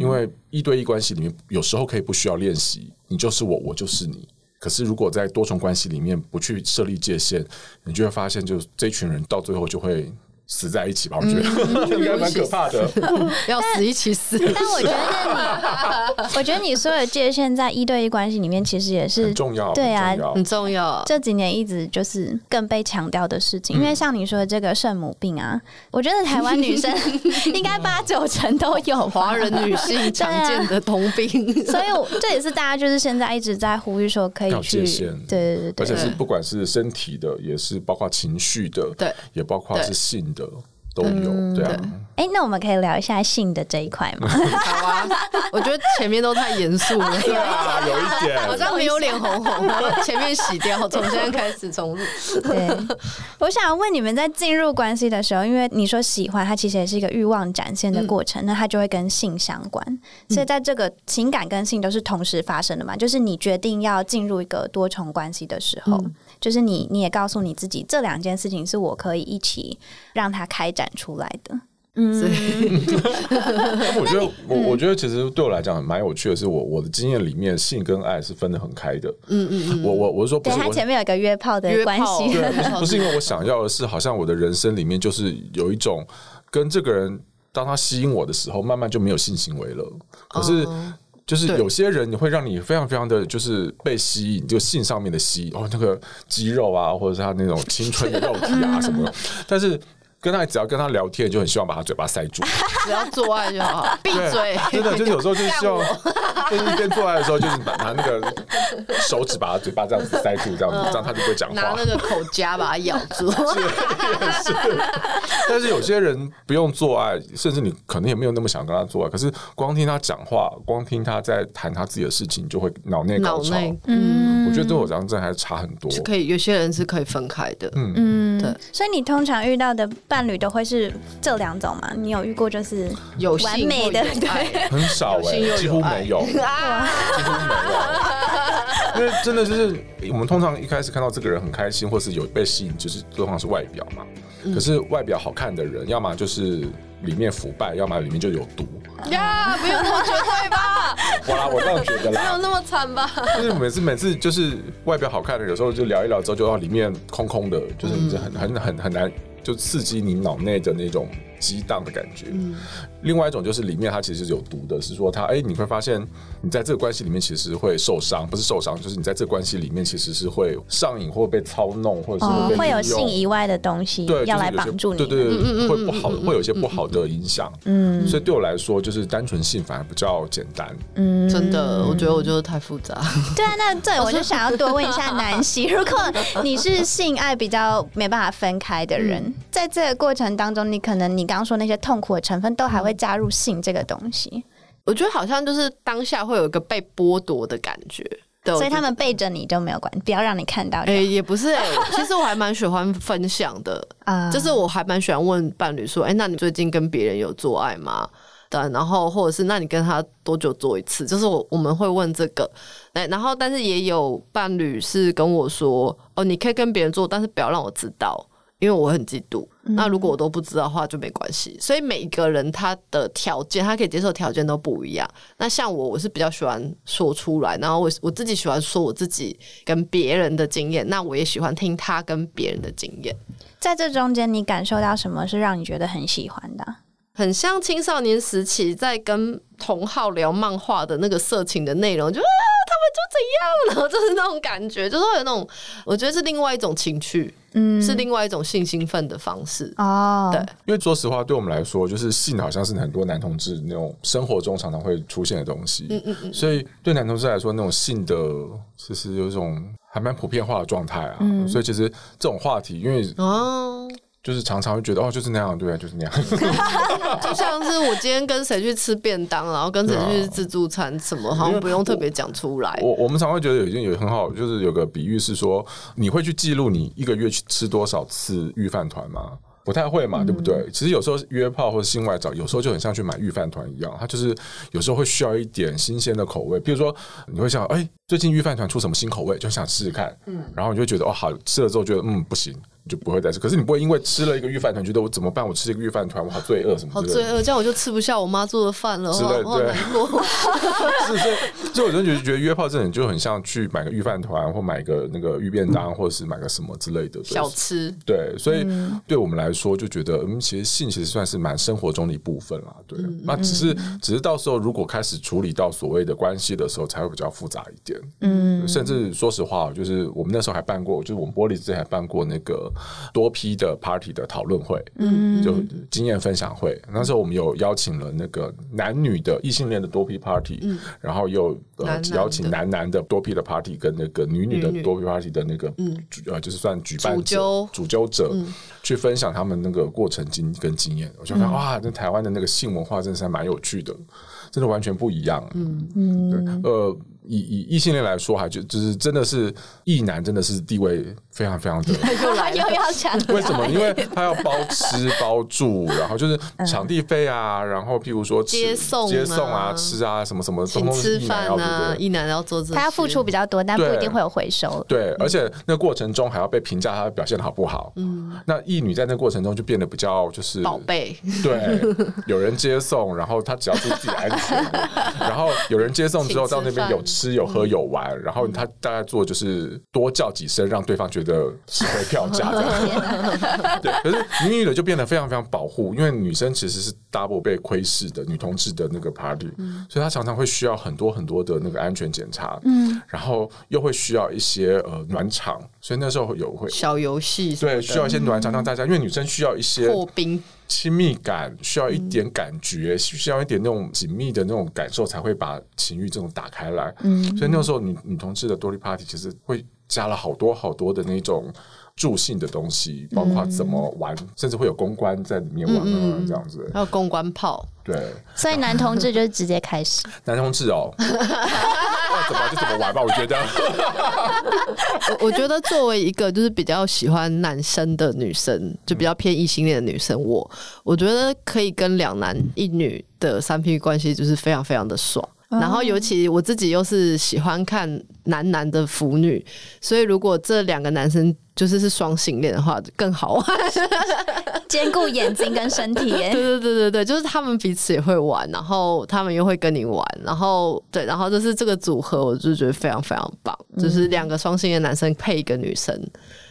因為一對一關係裡面，有時候可以不需要練習，你就是我，我就是你。可是如果在多重關係裡面不去設立界限，你就會發現就，就是這群人到最後就會。死在一起吧，我覺得應該蠻可怕的，要死一起死。但我覺得你，我覺得你所有界限在一對一關係裡面，其實也是重要，對啊，很重要。這幾年一直就是更被強調的事情，因為像你說的這個聖母病啊，我覺得台灣女生應該八九成都有，華人女性常見的通病。所以這也是大家就是現在一直在呼籲說，可以去。對對對，而且是不管是身體的，也是包括情緒的，對，也包括是性的。都有對啊，哎，那我們可以聊一下性的這一塊嗎？好啊，我覺得前面都太嚴肅了，對啊，有一點好像沒有臉紅紅，前面洗掉，從現在開始從入。對，我想問你們在進入關係的時候，因為你說喜歡，它其實也是一個欲望展現的過程，那它就會跟性相關，所以在這個情感跟性都是同時發生的嘛，就是你決定要進入一個多重關係的時候。就是你，你也告訴你自己，這兩件事情是我可以一起讓他開展出來的。嗯，所以我覺得我我覺得其實對我來講蠻有趣的是我，我、嗯、我的經驗裡面，性跟愛是分得很開的。嗯嗯，嗯我我說不是對我是說，不他前面有個約炮的關係、哦，不是不，是不是因為我想要的是，好像我的人生裡面就是有一種跟這個人，當他吸引我的時候，慢慢就沒有性行為了，可是、哦。就是有些人你會讓你非常非常的就是被吸引，就性上面的吸引哦，那個肌肉啊，或者是他那種青春的肉體啊 什麼的，但是。跟他只要跟他聊天，就很希望把他嘴巴塞住。 只要做愛就好，好 嘴，閉嘴。真的就是有時候就是希望，就是一邊做愛的時候，就是把他那個手指把他嘴巴這樣子塞住，這樣子、嗯、這樣他就不會講話。拿那個口夾把他咬住 是是。但是有些人不用做愛，甚至你可能也沒有那麼想跟他做愛，可是光聽他講話，光聽他在談他自己的事情，就會腦內高潮。嗯。嗯我、嗯、覺得對我這樣子還差很多，嗯。是可以，有些人是可以分開的。嗯，對。所以你通常遇到的伴侶都會是這兩種嗎？你有遇過就是有完美的對？很少哎、欸，幾乎沒有啊，幾乎沒有。因為真的就是，我們通常一開始看到這個人很開心，或是有被吸引，就是通常是外表嘛。可是外表好看的人，要麼就是裡面腐敗，要麼裡面就有毒呀！Yeah, 不用那麼絕對吧？ 哇，我倒覺得啦，沒有那麼慘吧？就是每次每次就是外表好看的，有時候就聊一聊之後，就要裡面空空的，就是很、嗯、很很很難，就刺激你腦內的那種。激盪的感覺，嗯、另外一種就是裡面它其實是有毒的，是說它哎、欸，你會發現你在這個關係裡面其實會受傷，不是受傷，就是你在這個關係裡面其實是會上癮或被操弄或被，或者是會有性以外的東西、就是、要來綁住你，對對對，會不好，會有一些不好的影響。嗯，所以對我來說就是單純性反而比較簡單。嗯，真的，我覺得我覺得太複雜。 對啊，那對我就想要多問一下南西，如果你是性愛比較沒辦法分開的人，在這個過程當中，你可能你。比方說那些痛苦的成分都還會加入性這個東西，嗯、我覺得好像就是當下會有一個被剝奪的感覺，對，所以他們背着你都沒有關係，不要讓你看到。哎、欸，也不是哎、欸，其實我還蠻喜歡分享的啊， 就是我還蠻喜歡問伴侶說，哎、欸，那你最近跟別人有做愛嗎？的，然後或者是那你跟他多久做一次？就是我我們會問這個，哎、欸，然後但是也有伴侶是跟我說，哦，你可以跟別人做，但是不要讓我知道。因為我很嫉妒，嗯、那如果我都不知道的話就沒關係。所以每一個人他的條件，他可以接受條件都不一樣。那像我，我是比較喜歡說出來，然後我我自己喜歡說我自己跟別人的經驗，那我也喜歡聽他跟別人的經驗。在這中間，你感受到什麼是讓你覺得很喜歡的？很像青少年時期在跟同好聊漫畫的那個色情的內容，就、啊、他們就怎樣了，就是那種感覺，就是有那種我覺得是另外一種情趣。嗯，是另外一種性興奮的方式啊。哦、對，因為說實話，對我們來說，就是性好像是很多男同志那種生活中常常會出現的東西。嗯嗯嗯，所以對男同志來說，那種性的其實有一種還蠻普遍化的狀態啊。嗯、所以其實這種話題，因為、哦就是常常會覺得哦，就是那樣，對啊，就是那樣。 就像是我今天跟誰去吃便當，然後跟誰去自助餐，啊、什麼好像不用特別講出來。我我，我，我們常，常會覺得有件有很好，就是有個比喻是說，你會去記錄你一個月去吃多少次御飯糰嗎？不太會嘛，嗯、對不對？其實有時候約炮或者性外找，有時候就很像去買御飯糰一樣，它就是有時候會需要一點新鮮的口味。譬如說你會想，哎、欸，最近御飯糰出什麼新口味，就想試試看。嗯，然後你就覺得哦，好吃了之後覺得嗯不行。就不會再吃。可是你不會因為吃了一個御飯糰，覺得我怎麼辦？我吃這個御飯糰，我好罪惡什麼的？好罪惡，這樣我就吃不下我媽做的飯了。是的，對。所以，所以，我真的覺得， 覺得約炮這種就很像去買個御飯糰，或買個那個御便當，嗯、或者是買個什麼之類的小吃。對，所以，對我們來說，就覺得，嗯，其實性其實算是蠻生活中的一部分了。對，嗯嗯，那只是，只是到時候如果開始處理到所謂的關係的時候，才會比較複雜一點。嗯，甚至說實話，就是我們那時候還辦過，就是我們波栗之前還辦過那個。多批的 party 的討論會，嗯，就經驗分享會。那時候我們有邀請了那個男女的異性戀的多批 party，嗯，然後又男男呃邀請男男的多批的 party，跟那個女女的多批 party 的那個，嗯，女女，呃，就是算舉辦者主揪者、主揪者，嗯，去分享他們那個過程經跟經驗。嗯，我就覺得哇，那台灣的那個性文化真是還蠻有趣的，真的完全不一樣，嗯嗯，對，嗯，呃。以以異性戀來說，哈，就就是真的是異男，真的是地位非常非常的。又又要搶，為什麼？因為他要包吃包住，然後就是場地費啊，嗯、然後譬如說接送接送啊，送啊吃啊什麼什麼，啊、統統吃飯啊負異男要做自己他要付出比較多，但不一定會有回收。對，嗯、對，而且那過程中還要被評價他的表現好不好。嗯，那異女在那過程中就變得比較就是寶貝，對，有人接送，然後他只要自己愛安全，然後有人接送之後到那邊有吃有喝有玩，嗯、然後他大概做就是多叫幾聲，讓對方覺得值回票價的。 對， 可是女女的就變得非常非常保護，因為女生其實是 double 被窺視的女同志的那個 party，、嗯、所以她常常會需要很多很多的那個安全檢查，嗯，然後又會需要一些呃暖場，所以那時候有會小遊戲，對，需要一些暖場讓大、嗯、家，因為女生需要一些破冰。親密感需要一點感覺，嗯、需要一點那種緊密的那種感受，才會把情慾這種打開來。嗯，所以那時候女女同志的多力 party 其實會加了好多好多的那種助興的東西，包括怎麼玩，嗯、甚至會有公關在裡面玩，啊、嗯嗯這樣子，還有公關炮。對，所以男同志就直接開始。 男同志哦。 要怎麼就怎麼玩吧，我覺得。 我我覺得作為一個就是比較喜歡男生的女生，就比較偏異性戀的女生，嗯、我我覺得可以跟兩男一女的三 P 關係就是非常非常的爽。嗯、然後尤其我自己又是喜歡看。男男的腐女，所以如果這兩個男生就是是雙性戀的話，更好玩， 兼顧眼睛跟身體、欸。對對對對對，就是他們彼此也會玩，然後他們又會跟你玩，然後對，然後就是這個組合，我就覺得非常非常棒。嗯、就是兩個雙性戀男生配一個女生，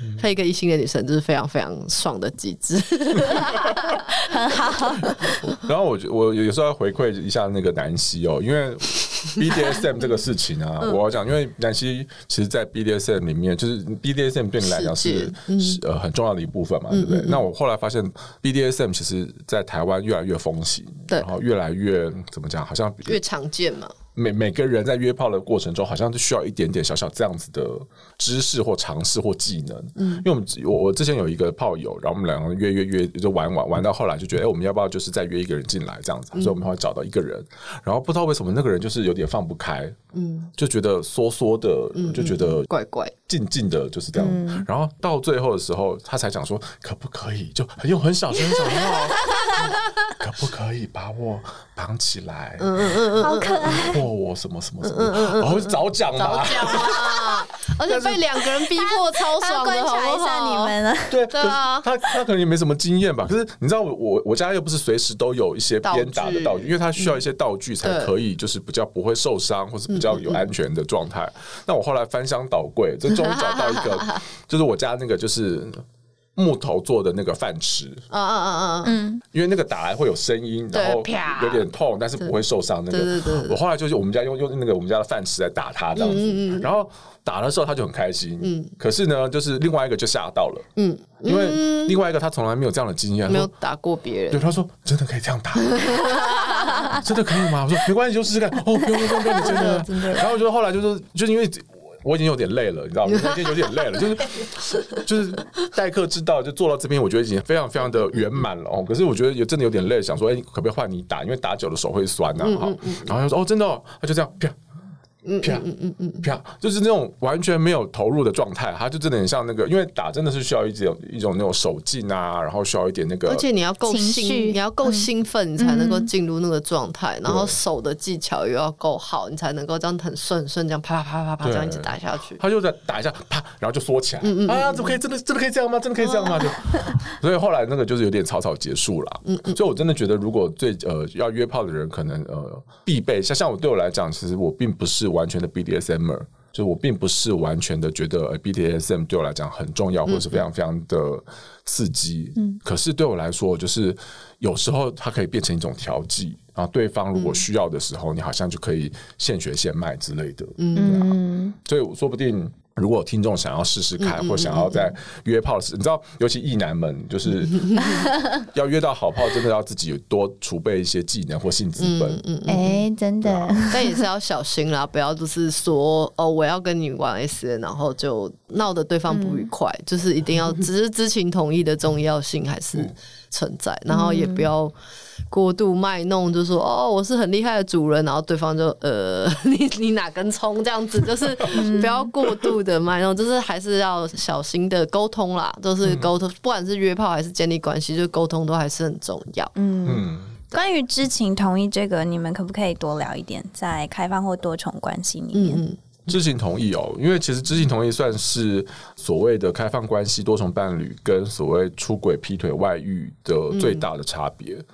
嗯、配一個異性的女生，就是非常非常爽的機制。很好。然後我我有時候要回饋一下那個南西哦，因為 BDSM 這個事情啊， 嗯、我要講因為。但其實，其實在 BDSM 裡面，就是 BDSM 對你來講是、嗯、是呃很重要的一部分嘛，嗯嗯嗯，對不對？那我後來發現，BDSM 其實在台灣越來越風行，對然後越來越怎麼講，好像越常見嘛。每每個人在約炮的過程中，好像就需要一點點小小這樣子的知識或嘗試或技能。嗯，因為我們我我之前有一個炮友，然後我們兩個約約約就玩玩、嗯、玩到後來就覺得，哎、欸，我們要不要就是再約一個人進來這樣子？嗯、所以我們會找到一個人，然後不知道為什麼那個人就是有點放不開，嗯，就覺得縮縮的，嗯嗯、就覺得怪怪，靜靜的就是這樣。嗯、然後到最後的時候，他才講說，可不可以就用很小聲說話，可不可以把我綁起來？嗯嗯嗯，好可愛。嗯我、哦、什麼什麼什麼，然後、嗯嗯嗯嗯哦、早講了、啊、 而且被兩個人逼迫超爽好好他。他觀察一下你們了，對，對吧他他可能也沒什麼經驗吧。可是你知道我，我我家又不是隨時都有一些鞭打的道具，因為他需要一些道具才可以，就是比較不會受傷，嗯、或是比較有安全的狀態。對那我後來翻箱倒櫃，就終於找到一個， 就是我家那個，就是。木頭做的那個飯匙，啊啊啊啊嗯，因為那個打來會有聲音，然後啪有點痛，但是不會受傷。那個，我後來就是我們家用用那個我們家的飯匙來打他這樣子，然後打的時候他就很開心。嗯，可是呢，就是另外一個就嚇到了，嗯，因為另外一個他從來沒有這樣的經驗，沒有打過別人。對，他說真的可以這樣打，真的可以嗎？我說沒關係，就試試看。哦，不用不用不用，真的真的。然後就後來就是就是因為。我已經有點累，了，你知道嗎？今天有點累了， 就是就是待客之道了就坐到這邊，我覺得已經非常非常的圓滿了哦。可是我覺得也真的有點累，想說哎、欸，可不可以換你打？因為打久的手會酸啊。嗯嗯嗯，然後他說哦，真的、哦，他就這樣啪。啪、嗯，嗯嗯嗯嗯啪，就是那種完全沒有投入的狀態，他就真的很像那個，因為打真的是需要一種一種那種手勁啊，然後需要一點那個，而且你要夠興，緒你要夠興奮，嗯、你才能夠進入那個狀態，嗯、然後手的技巧又要夠好，對你才能夠這樣很順順這樣啪啪啪啪啪這樣一直打下去。他就在打一下啪，然後就縮起來，嗯嗯嗯、啊，怎麼可以，真的真的可以這樣嗎？真的可以這樣嗎？嗯、就所以後來那個就是有點草草結束了、嗯。嗯嗯，所以我真的覺得，如果最呃要約炮的人，可能呃必備像像我對我來講，其實我並不是。完全的 BDSM，er, 就我並不是完全的覺得 BDSM 對我來講很重要或者是非常非常的刺激。嗯，可是對我來說，就是有時候它可以變成一種調劑，然後對方如果需要的時候，嗯、你好像就可以現學現賣之類的。嗯、啊、嗯，所以我說不定。如果聽眾想要試試看，嗯嗯嗯嗯，或想要在約炮時，嗯嗯嗯你知道，尤其異男們，就是要約到好炮，真的要自己多儲備一些技能或性資本。哎，真的，後但也是要小心啦，不要就是說，哦，我要跟你玩 S，然後就鬧得對方不愉快，嗯、就是一定要只是知情同意的重要性、嗯、還是。嗯存在，然後也不要過度賣弄就是，就說、嗯、哦，我是很厲害的主人，然後對方就呃，你你哪根蔥這樣子，就是不要過度的賣弄，嗯、就是還是要小心的溝通啦，都、就是溝通，嗯、不管是約炮還是建立關係，就溝、是、通都還是很重要，嗯，對關於知情同意這個，你們可不可以多聊一點，在開放或多重關係裡面？嗯知情同意哦，因為其實知情同意算是所謂的開放關係、多重伴侶跟所謂出軌、劈腿、外遇的最大的差別。嗯、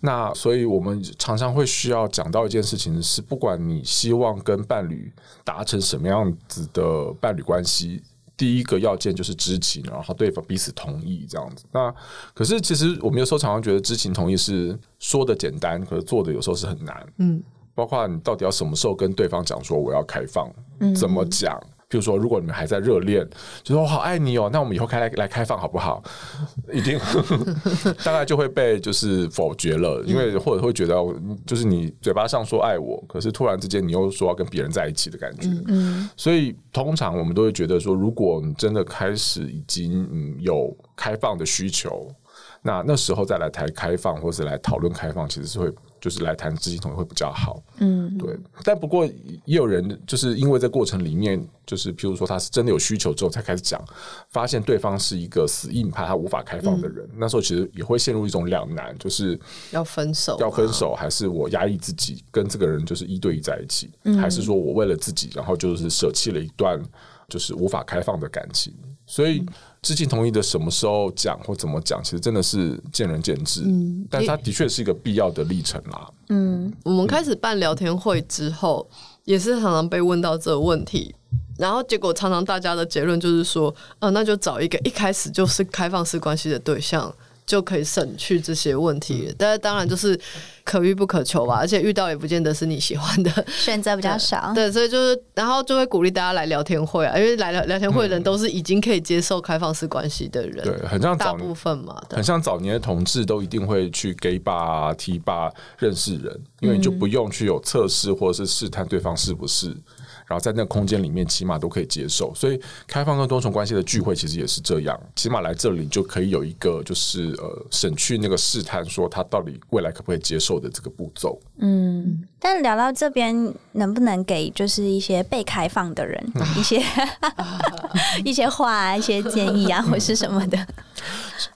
那所以我們常常會需要講到一件事情，是不管你希望跟伴侶達成什麼樣子的伴侶關係，第一個要件就是知情，然後對方彼此同意這樣子。那可是其實我們有時候常常覺得知情同意是說得簡單，可是做得有時候是很難。嗯。包括你到底要什麼時候跟對方講說我要開放？嗯嗯，怎麼講？比如說，如果你們還在熱戀，就說我好愛你哦、喔，那我們以後開來來開放好不好？ 一定大概 就會被就是否決了，因為或者會覺得就是你嘴巴上說愛我，可是突然之間你又說要跟別人在一起的感覺。嗯嗯，所以通常我們都會覺得說，如果你真的開始已經有開放的需求，那那時候再來談開放，或是來討論開放，其實是會。就是來談資金同學會比較好，嗯，對。但不過也有人，就是因為在這過程裡面，就是譬如說他是真的有需求之後才開始講，發現對方是一個死硬派，怕他無法開放的人。嗯、那時候其實也會陷入一種兩難，就是要分手，要分手，還是我壓抑自己跟這個人就是一對一在一起，嗯、還是說我為了自己，然後就是捨棄了一段就是無法開放的感情。所以，知情同意的什麼時候講或怎麼講，其實真的是見仁見智。嗯，但是它的確是一個必要的歷程啦，啊。嗯，我們開始辦聊天會之後，也是常常被問到這個問題，然後結果常常大家的結論就是說，啊，那就找一個一開始就是開放式關係的對象。就可以省去這些問題，嗯、但是當然就是可遇不可求吧，嗯、而且遇到也不見得是你喜歡的選擇比較少對，對，所以就是，然後就會鼓勵大家來聊天會啊，因為來聊聊天會的人都是已經可以接受開放式關係的人，嗯，對，很像大部分嘛，很像早年的同志都一定會去 gay bar、啊、T bar、啊、認識人，因為你就不用去有測試或者是試探對方是不是。然後在那個空間裡面，起碼都可以接受。所以開放跟多重關係的聚會，其實也是這樣，起碼來這裡就可以有一個，就是呃，省去那個試探，說他到底未來可不可以接受的這個步驟。嗯，但聊到這邊，能不能給就是一些被開放的人一些 一些話啊、一些建議啊，或是什麼的？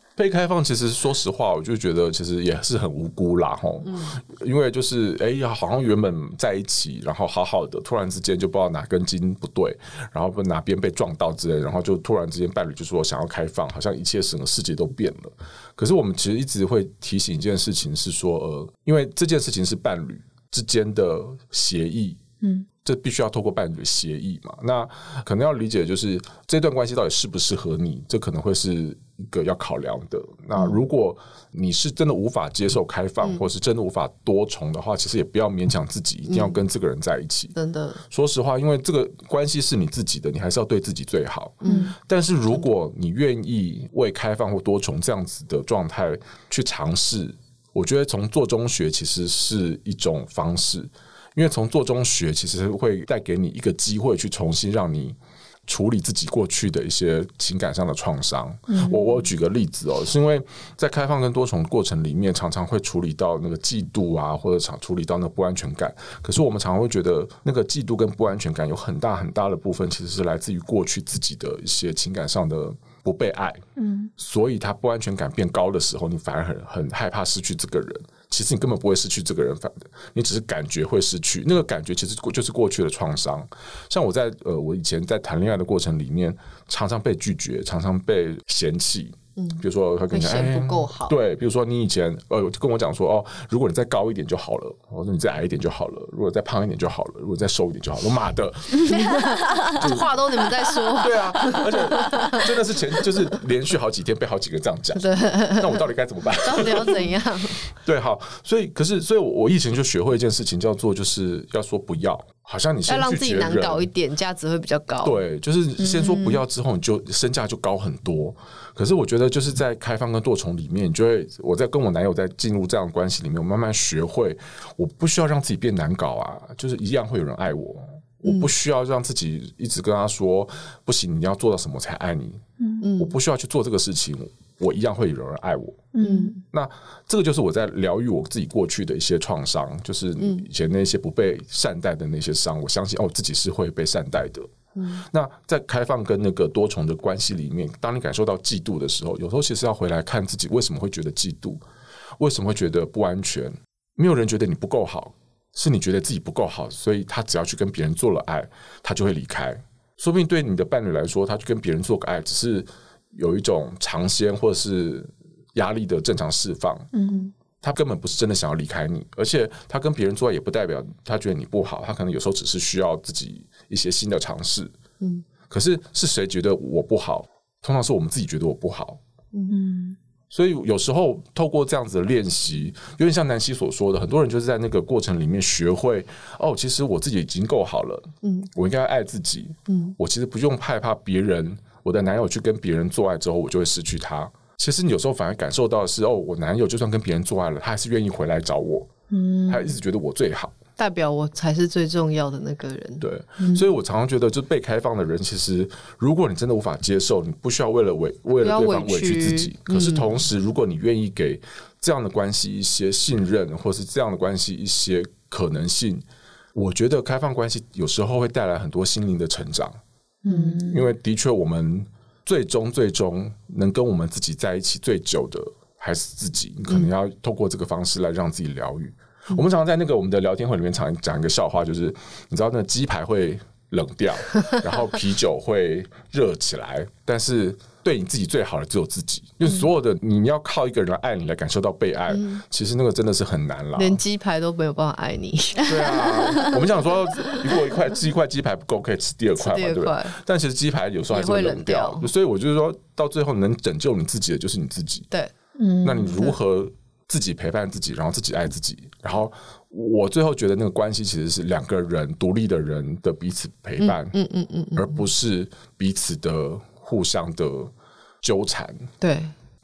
被開放其實，說實話，我就覺得其實也是很無辜啦，吼，因為就是哎、欸，好像原本在一起，然後好好的，突然之間就不知道哪根筋不對，然後哪邊被撞到之類，然後就突然之間伴侶就說我想要開放，好像一切整個世界都變了。可是我們其實一直會提醒一件事情是說，呃，因為這件事情是伴侶之間的協議，嗯，這必須要透過伴侶的協議嘛。那可能要理解就是這段關係到底適不適合你，這可能會是。一個要考量的。那如果你是真的無法接受開放，嗯，或是真的無法多重的話，嗯，其實也不要勉強自己一定要跟這個人在一起。嗯，真的，說實話，因為這個關係是你自己的，你還是要對自己最好。嗯。但是如果你願意為開放或多重這樣子的狀態去嘗試，我覺得從做中學其實是一種方式，因為從做中學其實會帶給你一個機會去重新讓你。處理自己過去的一些情感上的創傷。嗯。我我舉個例子哦，是因為在開放跟多重的過程裡面，常常會處理到那個嫉妒啊，或者常處理到那不安全感。可是我們常常會覺得，那個嫉妒跟不安全感有很大很大的部分，其實是來自於過去自己的一些情感上的。不被愛，嗯，所以他不安全感變高的時候，你反而很很害怕失去這個人。其實你根本不會失去這個人，反的，你只是感覺會失去。那個感覺其實就是過去的創傷。像我在呃，我以前在談戀愛的過程裡面，常常被拒絕，常常被嫌棄。嗯，比如說他跟你不夠好、哎。對，比如說你以前呃跟我講說哦，如果你再高一點就好了，我、哦、說你再矮一點就好了，如果再胖一點就好了，如果再瘦一點就好了，我媽的，話都你們在說。對啊，而且真的是前就是連續好幾天被好幾個這樣講，對那我到底該怎麼辦？到底要怎樣？ 對，好，所以可是所以，我以前就學會一件事情叫做就是要說不要，好像你先要讓自己難搞一點，價值會比較高。對，就是先說不要之後，你就嗯嗯身價就高很多。可是我覺得就是在開放跟多重裡面，你就會我在跟我男友在進入這樣的關係裡面，我慢慢學會，我不需要讓自己變難搞啊，就是一樣會有人愛我，嗯、我不需要讓自己一直跟他說、嗯、不行，你要做到什麼才愛你，嗯嗯，我不需要去做這個事情。我一樣會有人愛我，嗯，那這個就是我在療癒我自己過去的一些創傷，就是以前那些不被善待的那些傷。我相信，哦，我自己是會被善待的，嗯。那在開放跟那個多重的關係裡面，當你感受到嫉妒的時候，有時候其實要回來看自己為什麼會覺得嫉妒，為什麼會覺得不安全。沒有人覺得你不夠好，是你覺得自己不夠好，所以他只要去跟別人做了愛，他就會離開。說不定對你的伴侶來說，他去跟別人做個愛，只是。有一種嘗鮮或者是壓力的正常釋放，嗯、哼他根本不是真的想要離開你，而且他跟別人做愛也不代表他覺得你不好，他可能有時候只是需要自己一些新的嘗試，嗯、可是是誰覺得我不好？通常是我們自己覺得我不好，嗯、哼所以有時候透過這樣子的練習，有點像南西所說的，很多人就是在那個過程裡面學會哦，其實我自己已經夠好了，嗯、我應該愛自己，嗯、我其實不用害怕別人。我的男友去跟別人做愛之後，我就會失去他。其實你有時候反而感受到的是，哦，我男友就算跟別人做愛了，他還是願意回來找我。嗯，他一直覺得我最好，代表我才是最重要的那個人。對，嗯、所以我常常覺得，就被開放的人，其實如果你真的無法接受，你不需要為了委為了對方委屈自己。可是同時，如果你願意給這樣的關係一些信任，嗯、或是這樣的關係一些可能性，我覺得開放關係有時候會帶來很多心靈的成長。嗯，因為的確，我們最終最終能跟我們自己在一起最久的還是自己，你可能要透過這個方式來讓自己療癒。嗯，我們常常在那個我們的聊天會裡面常講一個笑話，就是你知道，那雞排會冷掉， 然後啤酒會熱起來，但是。對你自己最好的只有自己，嗯、因為所有的你要靠一個人愛你來感受到被愛，嗯、其實那個真的是很難了。連雞排都沒有辦法愛你。對啊， 我們想說，如果一塊雞一塊雞排不夠，可以吃第二塊嘛，二，對不對？但其實雞排有時候還是會冷掉，掉所以我就是說到最後能拯救你自己的就是你自己。對，嗯，那你如何自己陪伴自己，是然後自己愛自己？然後我最後覺得那個關係其實是兩個人獨立的人的彼此陪伴，嗯嗯嗯，嗯嗯嗯而不是彼此的。互相的糾纏，對，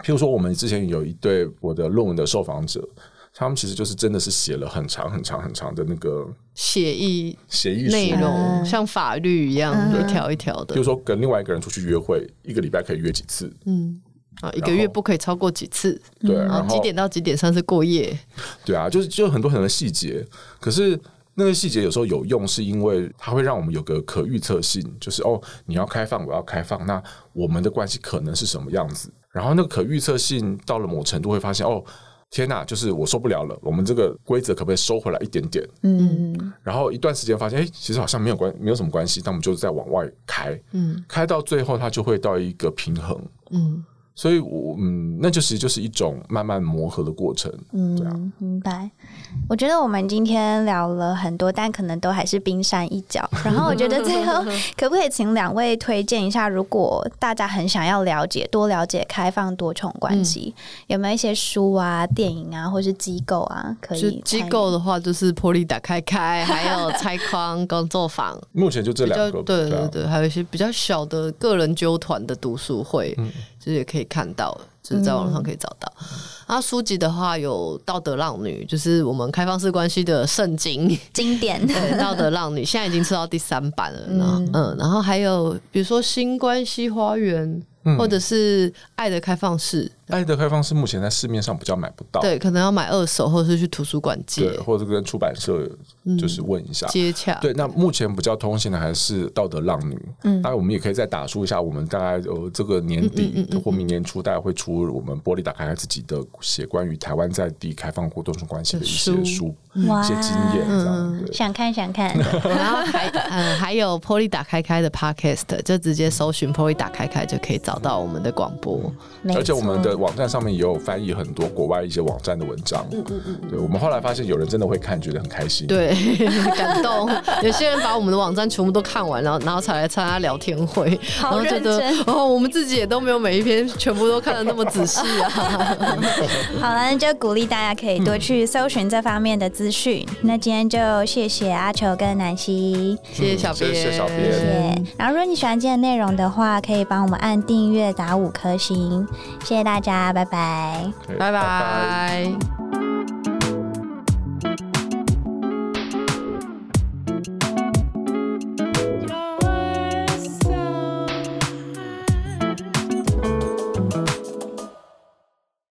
譬如說，我們之前有一對我的論文的受訪者，他們其實就是真的是寫了很長很長很長的那個協議，協議內容、呃、像法律一樣，呃、一條一條的。譬如說，跟另外一個人出去約會，一個禮拜可以約幾次？嗯，啊，一個月不可以超過幾次？對，然後、嗯、然後幾點到幾點算是過夜？對啊，就是就很多很多細節，可是。那個細節有時候有用，是因為它會讓我們有個可預測性，就是哦，你要開放，我要開放，那我們的關係可能是什麼樣子？然後那個可預測性到了某程度，會發現哦，天哪，就是我受不了了，我們這個規則可不可以收回來一點點？嗯，然後一段時間發現，欸，其實好像沒有關，沒有什麼關係，那我們就是在往外開，嗯，開到最後，它就會到一個平衡，嗯。.所以我，我嗯，那就其、是、實就是一種慢慢磨合的過程，嗯，樣明白。我覺得我們今天聊了很多，但可能都還是冰山一角。然後，我覺得最後 可不可以請兩位推薦一下，如果大家很想要了解，多了解開放多重關係，嗯、有沒有一些書啊、電影啊，或是機構啊，可以？機構的話，就是波栗打開開，還有拆框工作坊。 目前就這兩個，對對對，樣還有一些比較小的個人揪團的讀書會。嗯。就也可以看到，就是在網上可以找到。那、嗯啊、書籍的話有《道德浪女》，就是我們開放式關係的聖經經典。 對，《道德浪女》現在已經出到第三版了呢、嗯。嗯，然後還有比如說《新關係花園》，或者是《愛的開放式》嗯。愛的開放是目前在市面上比較買不到，對，可能要買二手，或者是去圖書館借，對，或者跟出版社就是問一下、嗯、接洽。對，那目前比較通行的還是《道德浪女》，嗯，那我們也可以再打書一下，我們大概呃這個年底或明年初大概會出我們波栗打開開自己的寫關於台灣在地開放過多重關係的一些書，一些、嗯嗯、經驗這樣。想看想看， 然後還嗯還有波栗打開開的 Podcast，就直接搜尋波栗打開開就可以找到我們的廣播，而且我們的。網站上面也有翻譯很多國外一些網站的文章，嗯嗯嗯。對，我們後來發現有人真的會看，覺得很開心。對，感動。有些人把我們的網站全部都看完，然後然後才來參加聊天會，然後覺得哦，我們自己也都沒有每一篇全部都看的那麼仔細啊。 好了，那就鼓勵大家可以多去搜尋這方面的資訊。嗯、那今天就謝謝阿球跟南西，嗯、謝謝小編，謝謝小編，謝謝。然後如果你喜歡今天的內容的話，可以幫我們按訂閱打五顆星，謝謝大家。大家拜拜，拜拜。